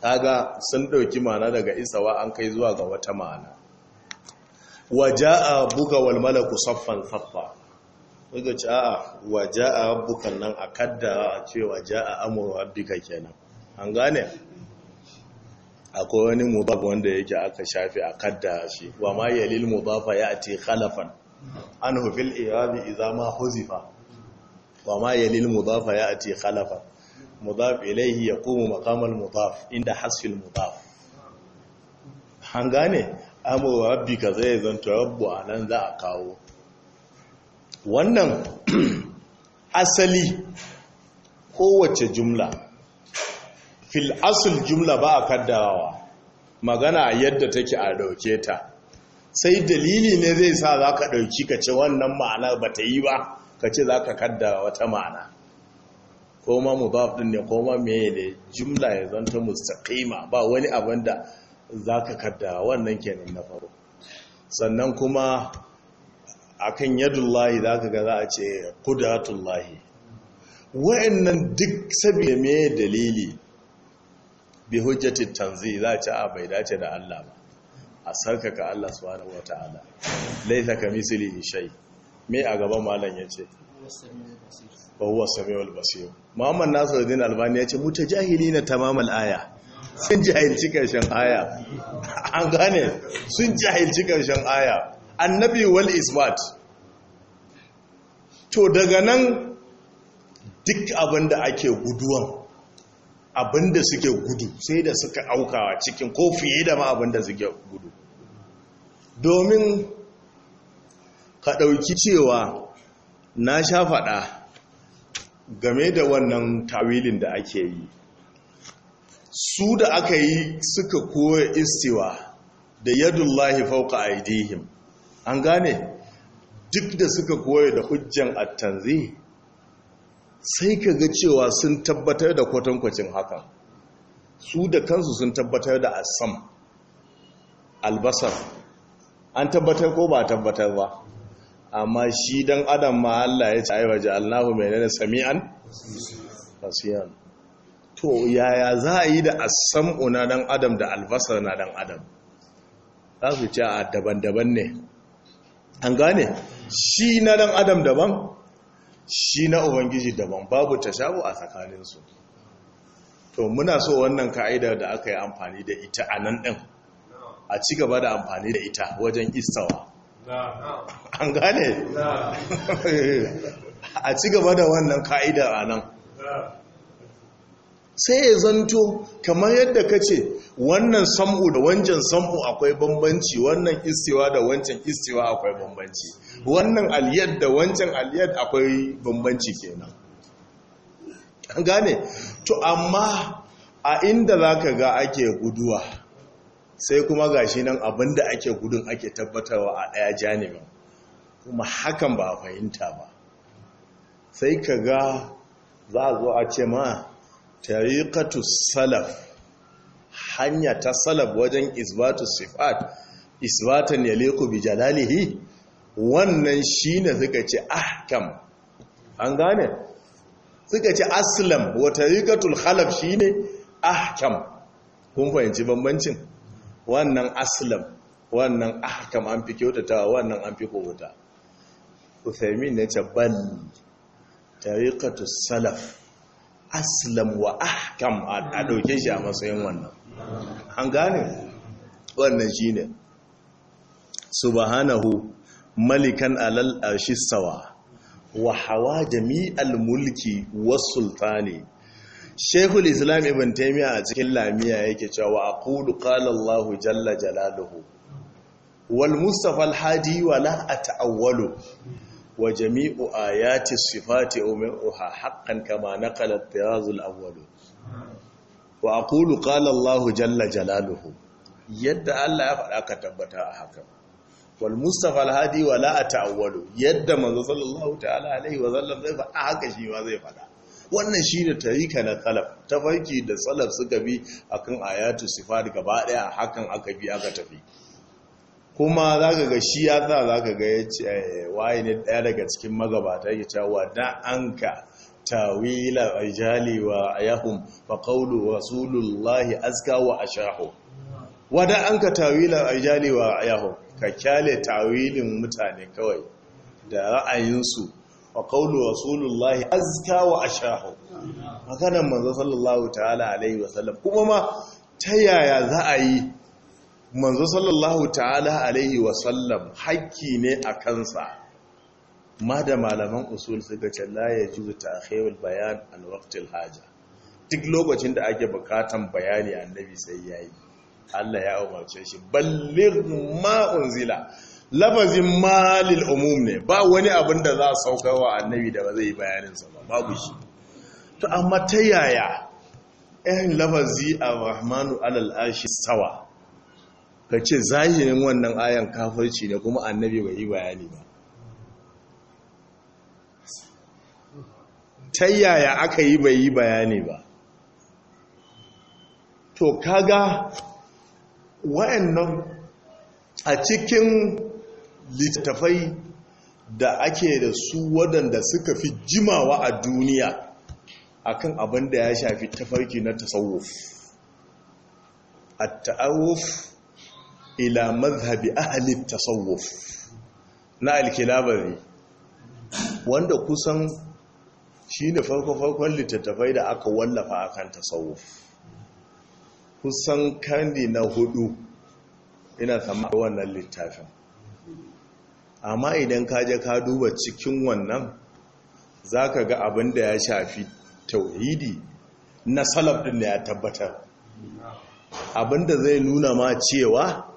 kaga sun ɗauki ma'ana daga isawa an kai zuwa ga wata ma'ana Waja waja'a buka wal malaku saffan saffa daga ce a'a a bukan nan a kadda a ce waje waja'a amuru rabbika kenan an gane akwai wani mudaf wanda yake aka shafi a kadda shi wa ma yalil mudafa ya'ti khalafan anhu fil i'rabi izama ma huzifa wa ma yalil mudafa ya'ti khalafan mudaf ilayhi yaqumu maqamal mudaf inda hasfil mudaf an gane amurwa rabbi ka zai zanto rabbu a nan za a kawo wannan [clears throat] asali kowace jumla fil asul jumla ba a kaddawa magana yadda take a dauke ta sai dalili ne zai sa za ka ɗauki ka ce wannan ma'anar ba ta yi ba ka ce za ka kaddara wata ma'ana Koma mu mubaf ɗin ne koma mai ne jumla ya zanta mustaƙima ba wani abin da za ka kadda wannan kenan na faru sannan kuma a akan yadullahi za ka ga za a ce kudatullahi wa'annan duk sabida mai dalili bi hujjatin tanzi za ci a ah, bai dace da Allah ba a sarkaka Allah wata ala laita ka misili shai me a gaban malam ce ba huwa samiul basir muhammad nasiruddin albani ta na tamamal aya sun jahilci karshen aya an gane sun jahilci karshen aya annabi wal isbat to daga nan duk abinda ake guduwan abinda suke gudu sai da suka aukawa cikin ko fiye da ma abinda suke gudu domin ka ɗauki cewa na sha faɗa game da wannan tawilin da ake yi su da aka yi suka koya istiwa da yadullahi fauka aidihim an gane duk da suka koya da hujjan attanzi sai ka ga cewa sun tabbatar da kwatankwacin hakan su da kansu sun tabbatar da asam albasar an tabbatar ko ba tabbatar ba amma shi don adam ma Allah ya ce aiwaje Allahu menene sami'an basiyan to yaya za a yi da sam'u na dan adam da albasar na dan adam za su ce a daban-daban ne an gane shi na dan adam daban shi na ubangiji daban babu ta shabu a tsakaninsu to muna so wannan ka'idar da aka yi amfani da ita a nan ɗin a ci gaba da amfani da ita wajen istawa an gane [laughs] a ci gaba da wannan ka'idar a nan sai ya zanto kamar yadda ka ce wannan sam'u da wancan sam'u akwai bambanci wannan istiwa da wancan istiwa akwai bambanci wannan aliyar da wancan aliyar akwai bambanci kenan an gane to amma a inda za ka ga ake guduwa sai kuma gashi nan abinda ake gudun ake tabbatarwa a ɗaya janibin kuma hakan ba a fahimta ba sai ka ga za a zo a ce ma tariqatu salaf hanya ta salaf wajen isbatu sifat isbatan leku bi jalalihi wannan shine suka ce ahkam an gane suka ce aslam wa halaf shi ne ahkam kun fahimci bambancin wannan aslam wannan ahkam an fi kyautatawa wannan an fi kowata Uthaymin ya ce bal tariƙatu salaf aslam wa ahkam a ɗauke shi a matsayin wannan an gane wannan shi ne subhanahu malikan alal sawa wa hawa jami'al mulki wa sultani shekul islam ibn taimiyya a cikin lamiya yake cewa a qala kalallahu jalla jalaluhu wal mustafa alhaji hadi wa la ata'awwalu wa jami'u ayati sifati umiruha haqqan kama naqala at-tiraz awwal wa aqulu qala Allah jalla jalaluhu yadda Allah ya faɗa ka tabbata a haka wal mustafa al-hadi wa la ta'awwalu yadda manzo sallallahu ta'ala alaihi wa sallam zai faɗa haka shi ma zai faɗa wannan shine tarika na salaf tafarki da salaf suka bi akan ayatu sifat gaba daya hakan aka bi aka tafi kuma za ka ga shi ya sa za ka ga ya ce eh, waye ne ɗaya daga cikin magabata ya ce wa da an ka tawila jali wa ayahum fa qawlu rasulullahi aska wa ashahu wa da an ka tawila jali wa ayahum ka kyale tawilin mutane kawai da ra'ayinsu wa qawlu rasulullahi azka wa ashahu maganan manzo sallallahu ta'ala alaihi wasallam kuma ma ta yaya za a yi manzo sallallahu ta'ala alaihi wasallam haƙƙi ne a kansa ma da malaman usul suka ce la ya juzu ta'khirul bayan an haja duk lokacin da ake bukatan bayani annabi sai yayi Allah ya umarce shi balligh ma unzila lafazin ma lil umum ne ba wani abin da za a wa annabi da ba zai bayanin sa ba babu shi to amma ta yaya eh lafazi a rahmanu alal arshi sawa ka ce zahirin wannan ayan kafarci da kuma annabi bai yi bayani ba ta yaya aka yi bai yi bayani ba to kaga wa'annan a cikin littafai da ake da su waɗanda suka fi jimawa a duniya akan abin da ya shafi tafarki na tasawuf a taawuf ila mazhabi ahli tasawuf na alkilabari wanda kusan shi ne farko-farkon littattafai da aka wallafa akan tasawuf kusan kandi na hudu ina sama wannan littafin amma idan ka je ka duba cikin wannan za ka ga abin da ya shafi tauhidi na salaf din da ya tabbatar abin da zai nuna ma cewa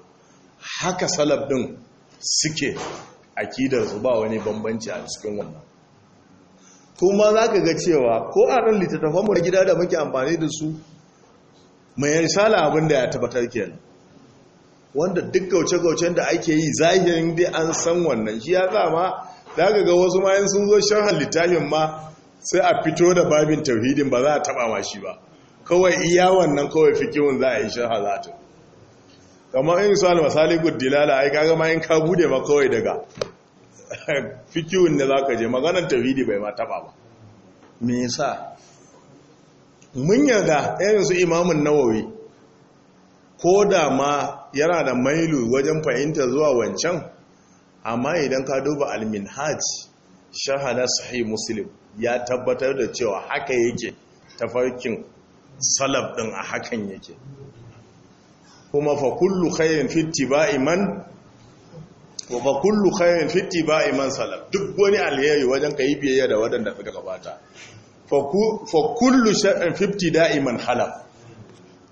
haka salaf din suke akidar su ba wani bambanci a cikin wannan kuma za ka ga cewa ko a ran littattafan mu na gida da muke amfani da su mai risala abin da ya tabbatar kenan wanda duk gauce-gaucen da ake yi zahirin dai an san wannan shi ya zama za ka ga wasu mayan sun zo sharhan littafin ma sai a fito da babin tauhidin ba za a taba ma shi ba kawai iya wannan kawai fikihun za a yi sharha za ta kamar in misali misali guddilala ai kaga ma in ka bude ma kawai daga [laughs] fikiyun ne zaka je maganar tauhidi bai ma taba ba me yasa mun yarda irin su imamun nawawi ko da ma yana da mailu wajen fahimta zuwa wancan amma idan ka duba al-minhaj shahada sahih muslim ya tabbatar da cewa haka yake tafarkin salaf din a hakan yake kuma fa kullu khairin fi ittiba'i man wa fa kullu khairin fi ittiba'i man salaf duk wani alheri wajen kai biyayya da wadanda suka gabata fa kullu sharrin fi da man halaf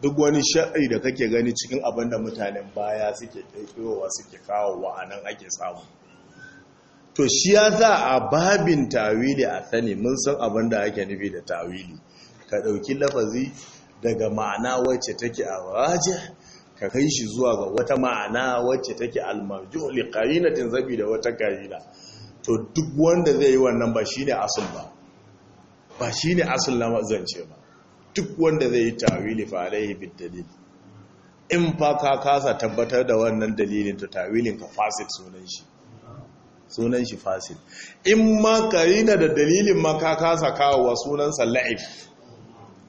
duk wani sharri da kake gani cikin abinda mutanen baya suke kaiwa suke kawo wa anan ake samu to shi ya za a babin tawili a sani mun san abin da ake nufi da tawili ka ɗauki lafazi daga ma'ana wacce take a raja ka kai shi zuwa ga wata ma'ana wacce take almarju li qarinatin zabi da wata qarina to duk wanda zai yi wannan ba shine asul ba ba shine asul na zance ba duk wanda zai yi tawili fa alaihi bid dalil in fa ka kasa tabbatar da wannan dalilin to tawilin ka fasid sunan shi sunan shi fasil in ma na da dalilin ma ka kasa kawowa sunan la'if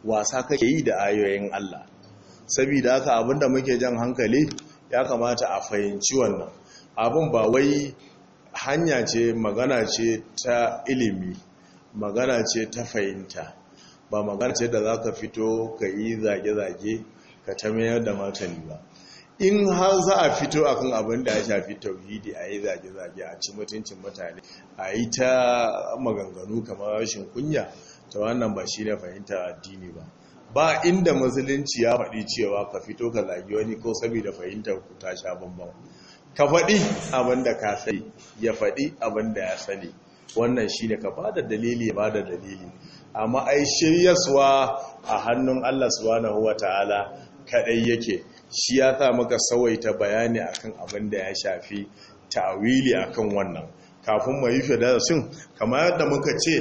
wasa kake yi da ayoyin Allah saboda haka abinda muke jan hankali ya kamata a fahimci wannan abin ba wai hanya ce magana ce ta ilimi magana ce ta fahimta ba magana ce da za ka fito ka yi zage-zage ka ta mayar da martani ba in har za a fito akan abin da ya shafi tauhidi a yi zage-zage a ci mutuncin mutane a yi ta maganganu kamar rashin kunya ta wannan ba shi ne fahimta addini ba ba inda musulunci ya faɗi cewa ka fito ka zagi wani ko saboda fahimtar ku ta sha bambam ka faɗi abin da ka sani ya faɗi abin da ya sani wannan shi ne ka bada dalili ba da dalili A ai shiryaswa a hannun Allah subhanahu Ta'ala, kaɗai yake shi ya sa muka sawaita bayani akan abin da ya shafi tawili akan wannan kafin mu yi sun kamar yadda muka ce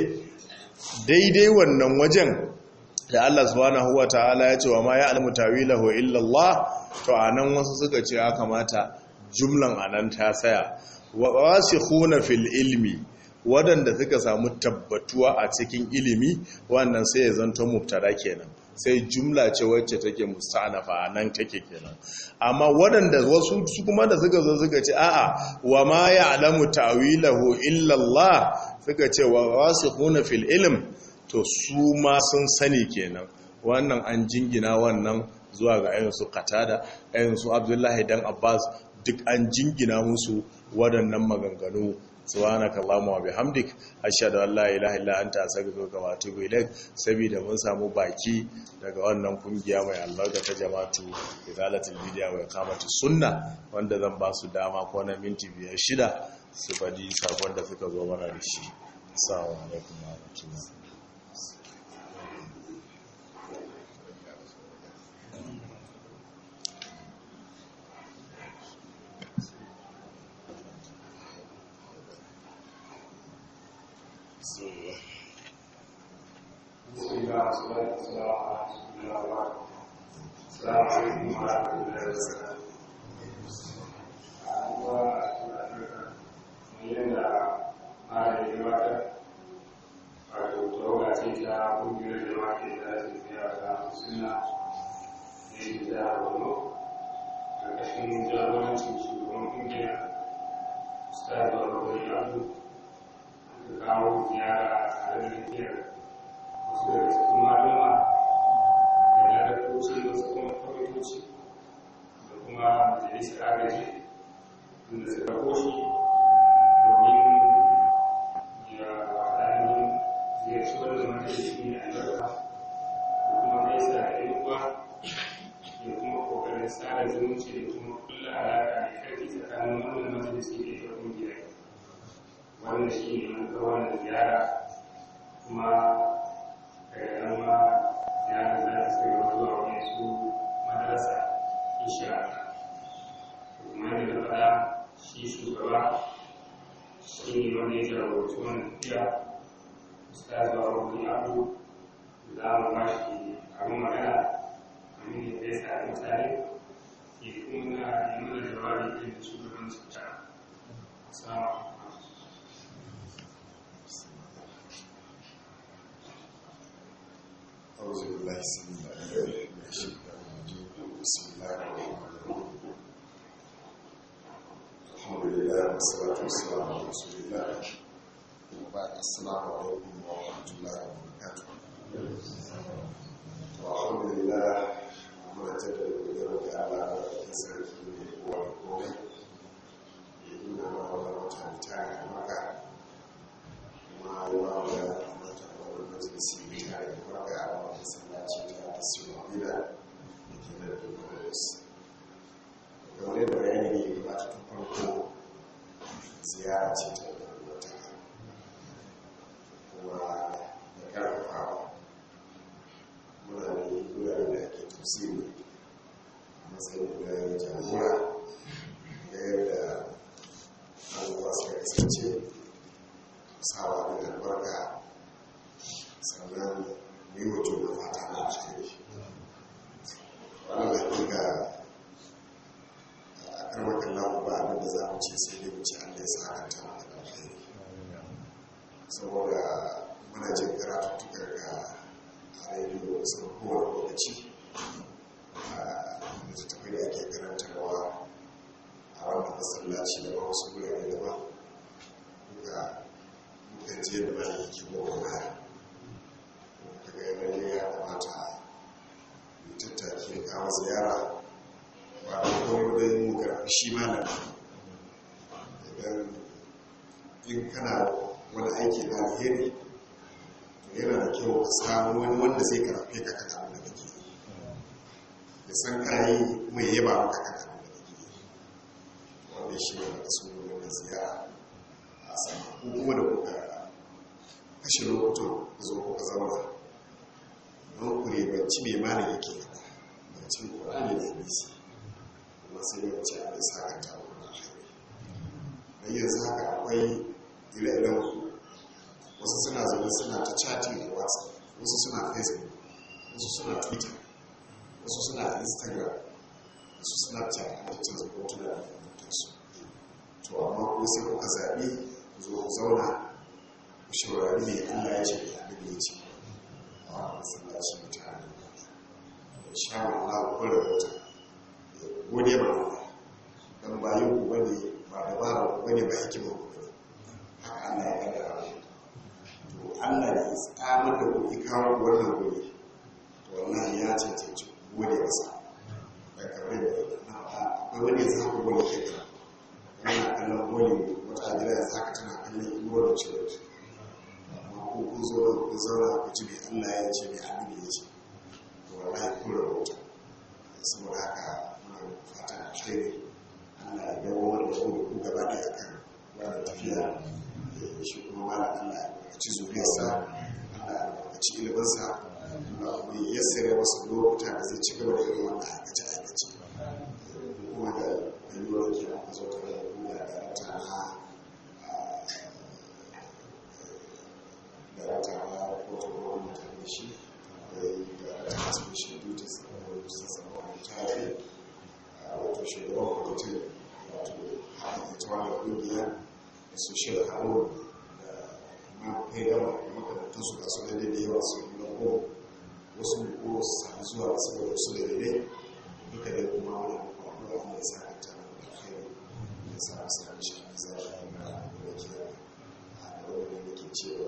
daidai wannan wajen da Allah subhanahu wa ta'ala ya ce wa ma ya'lamu tawilahu illa Allah to anan wasu suka ce ya kamata jumlan anan ta saya wa wasikhuna fil ilmi wadanda suka samu tabbatuwa a cikin ilimi wannan sai ya zanto mubtada kenan sai jumla ce wacce take musta'nafa nan take kenan amma waɗanda wasu su kuma da suka zo suka ce a'a wa ma ya'lamu ta'wilahu illa Allah suka ce wa wasikhuna fil ilm to su ma sun sani kenan wannan an jingina wannan zuwa ga su katada 'yansu abdullahi dan abbas duk an jingina musu waɗannan maganganu subhanaka allahumma wa bihamdik ashhadu an la ilaha illa anta astaghfiruka wa atubu ilaik saboda mun samu baki daga wannan kungiya mai albarka ta jama'atu izalatul bid'a wa iqamatus sunna wanda zan ba su dama ko na minti biyar shida su bari sakon da suka zo mana da shi assalamu alaikum wa rahmatullahi those who listen and really worship them do so that we humbly learn Salat Islam as we learn about Islam a little bit more and to learn from that one. Alhamdulillah, I'm going to take a little bit of the Allah that he said to me. ziyara ba don gudun mu karfi shi malam idan in kana wani aiki na alheri to yana da kyau a samu wani wanda zai karfe ka kan abin da kake da san kana yi kuma ya yaba maka kan abin da kake wanda shi ne da su wannan ziyara a sama ko kuma da kuka kashe lokutan zuwa zo kuka zauna don ku ci mai malam yake cikin ƙorani da hadisi kuma sai da wace a bisa ka ta wannan hanyar yanzu haka akwai ire-iren wasu suna zaune suna ta cati da whatsapp wasu suna facebook wasu suna twitter wasu suna instagram wasu snapchat a cikin zubotuna da su to amma kuma sai kuka zaɓi zo zauna ku shawarari ne allah ya ce da ya ce a wasu mutane sha na kun rabuta gode ma Allah dan ku bane ba da ba ku ba hikima ku haka Allah ya kaddara to Allah ya tsamar da ku ikawo wannan gobe to wallahi ya cancanci gode masa da kamar da akwai wani ya zaka gode kai wani kallon gode wata jira ya zaka tana kallon inuwar da ciwo ko kun zo da ku zauna ku ji Allah ya ce mai abin ya ce wallahi kun saboda haka muna fatan alheri Allah ya dawo tafiya eh, shi kuma mala Allah kuma da zai ci gaba da irin wannan aikace da dalilin da ke aka ta ta eh, eh, ko ta cikin shaidu ta samu tare a wato shugaban kwamitin wato haɗa da ƙungiya da su shirya hannu da ma kai yawa da makarantar su kasu da da yawa su yi lako wasu ko sami zuwa wasu da wasu da daidai duka da kuma sa'a sa'a wanda ya sa ta da sa wasu da ke cewa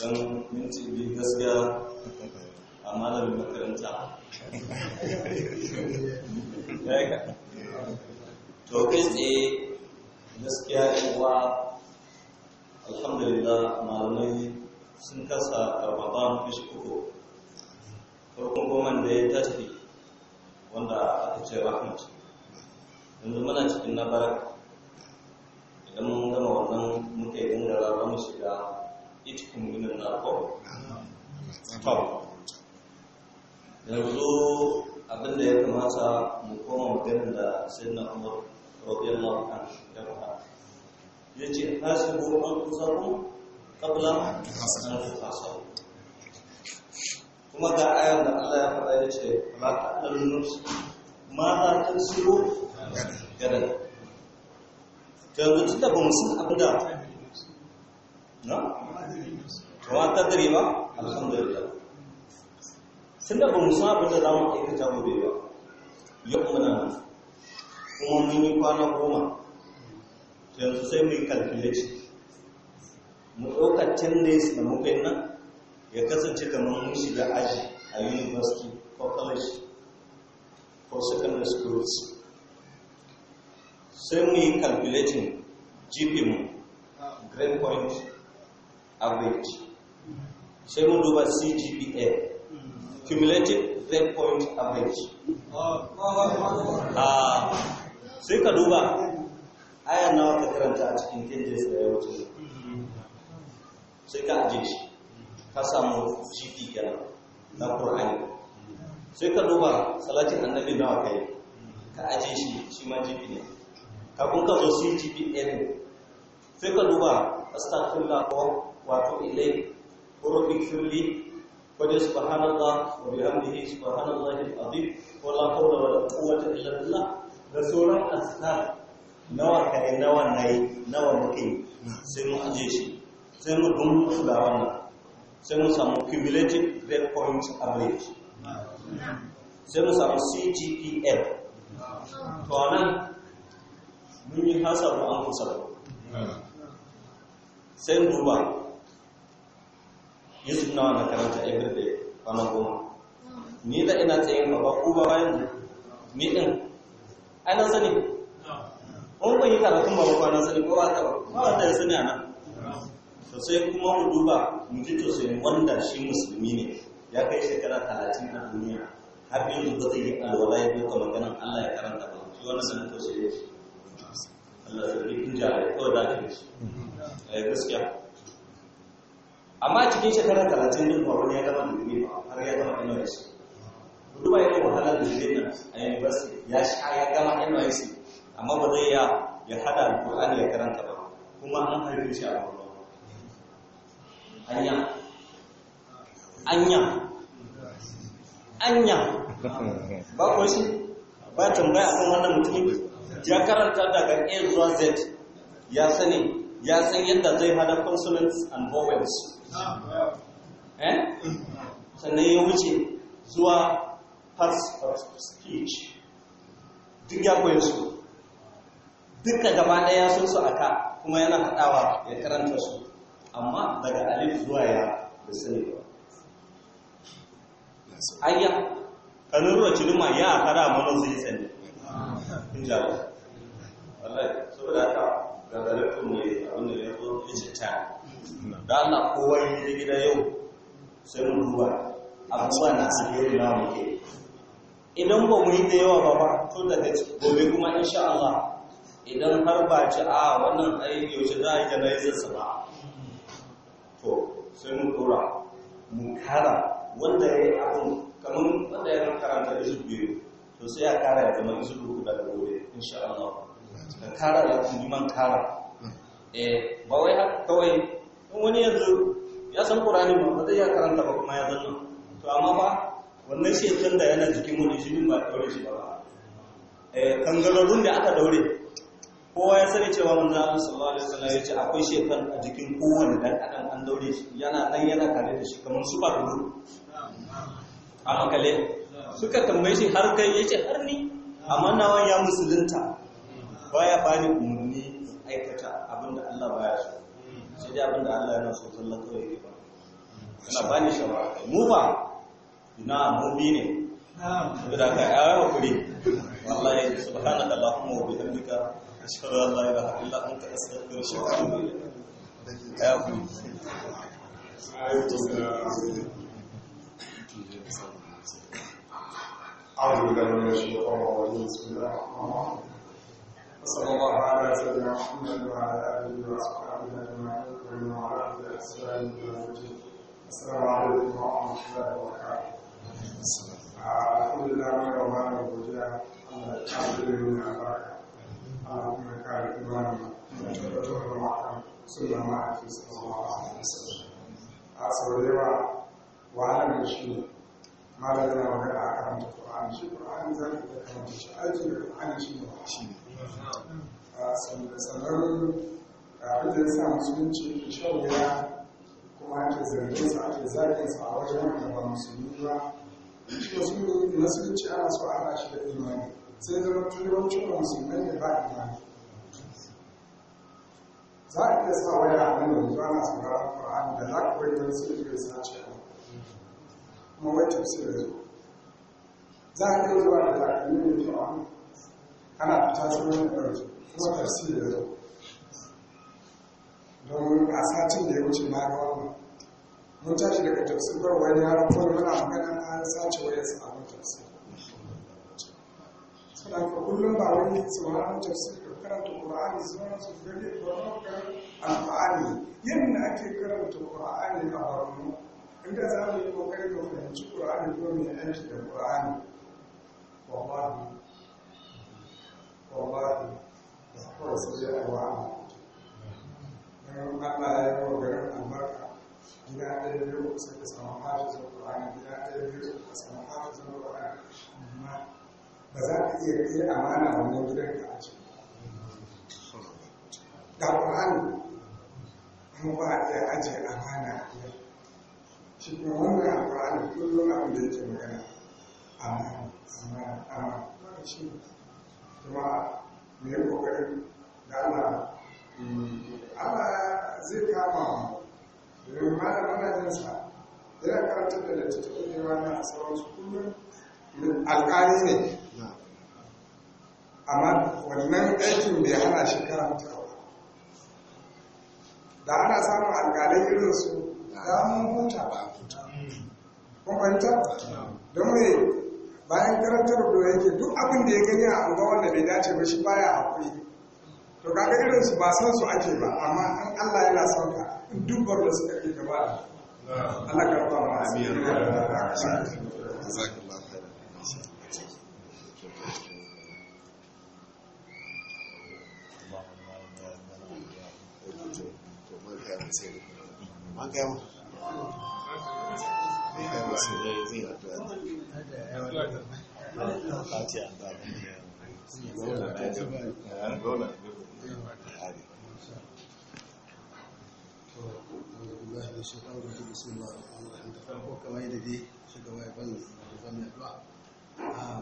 don minti biyu gaskiya a malamin makaranta to kai tsaye gaskiya yawa alhamdulillah malamai sun kasa ramadan kashi uku farkon goma da ya tashi wanda aka ce rahmat yanzu muna cikin na baraka idan mun gama wannan muka yi dangara ba mu shiga itkum min an-nar yanzu abin da ya kamata mu koma maganar da sayyidina Umar radiyallahu anhu ya faɗa yace hasibu anfusakum qabla an tuhasabu kuma ga ayar da Allah ya faɗa yace la ta'lamu nafs ma la tansibu gadan yanzu tunda ba mu san abin wa ta dare ba alhamdulillah tunda ba mu san abin da za mu aikata ba yau kuma mun yi kwana sai mu ɗauka ten days da muka nan ya kasance kamar mun shiga aji a university ko ko sai average sai mun duba cgpa cumulative grade point average ah, sai ka duba ayan nawa wata karanta a cikin tendency da ya wuce sai ka aje shi ka samu gp kenan na ƙur'ani sai ka duba salatin annabi nawa ka yi ka aje shi shi ma gp ne kun ka zo cgp ne sai ka duba astagfirullah ko wato ilai رب اغفر لي وقل سبحان الله وبحمده سبحان الله العظيم ولا حول ولا قوة إلا بالله da nawa kai nawa nai nawa nake sai mu aje shi sai mu dun su cumulative grade average samu CGPL to mun yi hasabu an kusa sai yesu nawa na karanta everyday day kwana goma ni da ina tsayin ba ku ba bayan ni din ai na sani kun kun yi karatun ba ba na sani ko ba ta ba ba wanda ya sani ana to sai kuma mu duba mu ji to sai wanda shi musulmi ne ya kai shekara talatin a duniya har yanzu ba zai yi alwala ya doka maganan Allah ya karanta ba shi wannan sanin to sai Allah sarki kin jare kawai da ke shi yi eh, gaskiya amma cikin shekara talatin din ba wani ya gama digiri ba har ya gama NYC duba yana wahalar da zai na a university ya sha ya gama NYC amma ba zai ya ya hada alƙur'ani ya karanta ba kuma an haife shi a gaba anya anya anya ba ko shi ba tambaya kan wannan mutum ya karanta daga A zuwa Z ya sani ya san yadda zai hada consonants and vowels eh? sannan ya wuce zuwa parts of speech duk ya koyi su duka gaba ɗaya sun su aka kuma yana haɗawa ya karanta su amma daga alif zuwa ya da sani ba ayya kanin ruwa cilima ya hada mana zai sani in jawo wallahi saboda haka da ɗarfin mai abin da ya zo fijita da Allah kowa ya je gida yau sai mu duba abubuwa na cikin yau na muke idan ba mu yi da yawa ba ba to daga gobe kuma insha Allah idan har ba ci a wannan aiki yaushe za a yi janaizar sa ba to sai mu dora mu kara wanda ya yi abin kamar wanda ya karanta isu biyu to sai ya kara ya zama isu uku daga gobe in insha Allah kara da kuma kara eh ba wai haka kawai in wani yanzu ya san qur'ani ba ba zai ya karanta ba kuma ya zanna to amma ba wannan shi tun da yana jikin mu shi ba daure shi ba eh kangalarun da aka daure kowa ya sani cewa manzo Allah sallallahu alaihi wasallam yace akwai shekan a jikin kowanne dan adam an daure shi yana dan yana kare da shi kamar super glue amma kale suka tambaye shi har kai yace har ni amma nawa ya musulunta baya bani umarni aikata abin da Allah baya so sai dai abin da Allah yana so kallon kawai ne ba yana bani shawara mu ba ina mu bi ne da ka ya yi hakuri wallahi subhanaka allahumma wa bihamdika ashhadu an la ilaha illa anta astaghfiruka wa atubu ilayk ya hakuri أعوذ بالله من الشيطان الرجيم بسم الله الرحمن الرحيم وصلى الله على سيدنا محمد وعلى اله واصحابه اجمعين ومن والاه باحسان الى السلام عليكم ورحمه الله وبركاته. آه، الحمد لله من الله وجل الله يجعل منا بركه اللهم كان ايماننا وتوفر معكم سنه معك صلى الله عليه وسلم. أصبر الله وعلم الشيء ما لدينا وقع عن القرآن شيء القرآن ذلك كما تشاء أجل القرآن شيء sannan abin da ya sa musulunci da shan kuma ake zargin sa ake zagin sa a wajen wanda ba musulmi ba shi musulunci ana so a shi da imani sai zama turancin ba musulmai ne ba imani za a iya sa waya a nan ana sauraron Qur'an da za ku wani wasu da ke sace kuma wai tafsirin za a iya zuwa da takalmi mai ana fita tsohon kuma tarsi da yau don a satin da ya wuce na ga wannan mun tashi daga tafsir bar wani yaran kawai muna magana an sace wayar su abin tafsir saboda ka kullum ba wani sauraron tafsir da karanta su ma su gani ba alfa'ani yadda ake karanta qur'ani a barno inda za mu yi kokari ga fahimci qur'ani ko mai aiki da qur'ani wallahi wallahi da kawai a wa'a garin albarka gida ɗaya biyu suka ba za ka iya kai amana wannan gidan ka a ciki ga kuma ba a iya ajiye amana a gidan shi kuma wannan Qur'ani kullum abin da yake magana amana amana amana shi ne kuma mu yi kokarin da Allah Allah zai kama mu domin malamin najinsa yana karantar da littattafai da yawa na asawar su kullum alƙari ne amma wannan aikin bai hana shi karanta da ana samun alƙalai irinsu da mun huta ba kun ta? don me bayan karantar da yake duk abin da ya gani a unguwa wanda bai dace ba shi baya haƙuri to kaga irin su ba san su ake ba amma an Allah yana son ka duk bar da suka ke gaba Allah Thank you.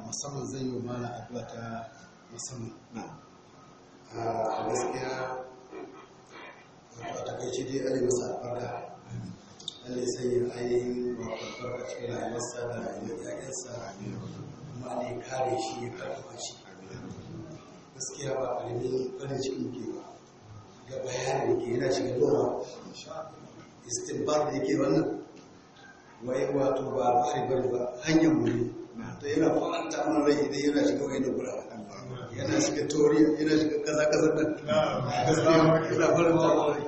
musamman zai yi wa mara addu'a ta musamman a gaskiya a takaice dai arewa Allah ya sanya ainihin mafarkar a cikin rayuwarsa da rayuwar kuma Allah ya kare shi ya karfafa shi gaskiya ba ƙaramin farin cikin ke ba ga bayanin da ke yana shiga dora istinbar da yake wannan wai wato ba alfahari ba ba hanyar muri to yana faranta mana rai idan yana shiga wani da gura yana shiga tori yana shiga kaza kaza da gaskiya yana faranta mana rai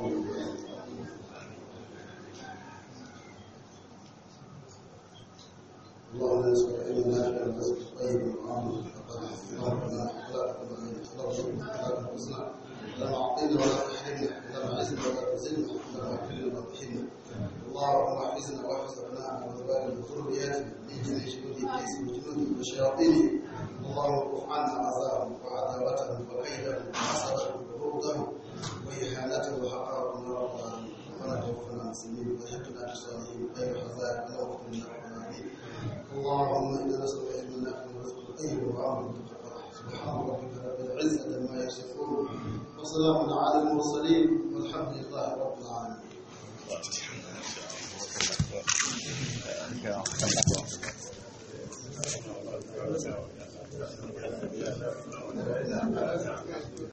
اللهم لا علمنا الا ما طيب وعامل فقد اختبرنا خلقنا ولا نختبرنا خلقنا وصنع لا معطينا ولا تحرمنا لا معزنا ولا تزلنا لا اللهم احرزنا واحرز ابناءنا وزواجنا وذرياتنا من جميع شرور ابليس وجنوده وشياطينه اللهم اكف عنا عذابهم وكيدهم وحسدهم وبغضهم وإحالته وحقائق ورضا ربنا توفنا مسلمين وألحقنا بالصالحين غير حزائق ولا وقتنا اللهم إنا نسألك علما نافعا ورزقا طيبا وعملا متقبلا سبحان ربك رب العزة عما يصفون وسلام على المرسلين والحمد لله رب العالمين Thank you.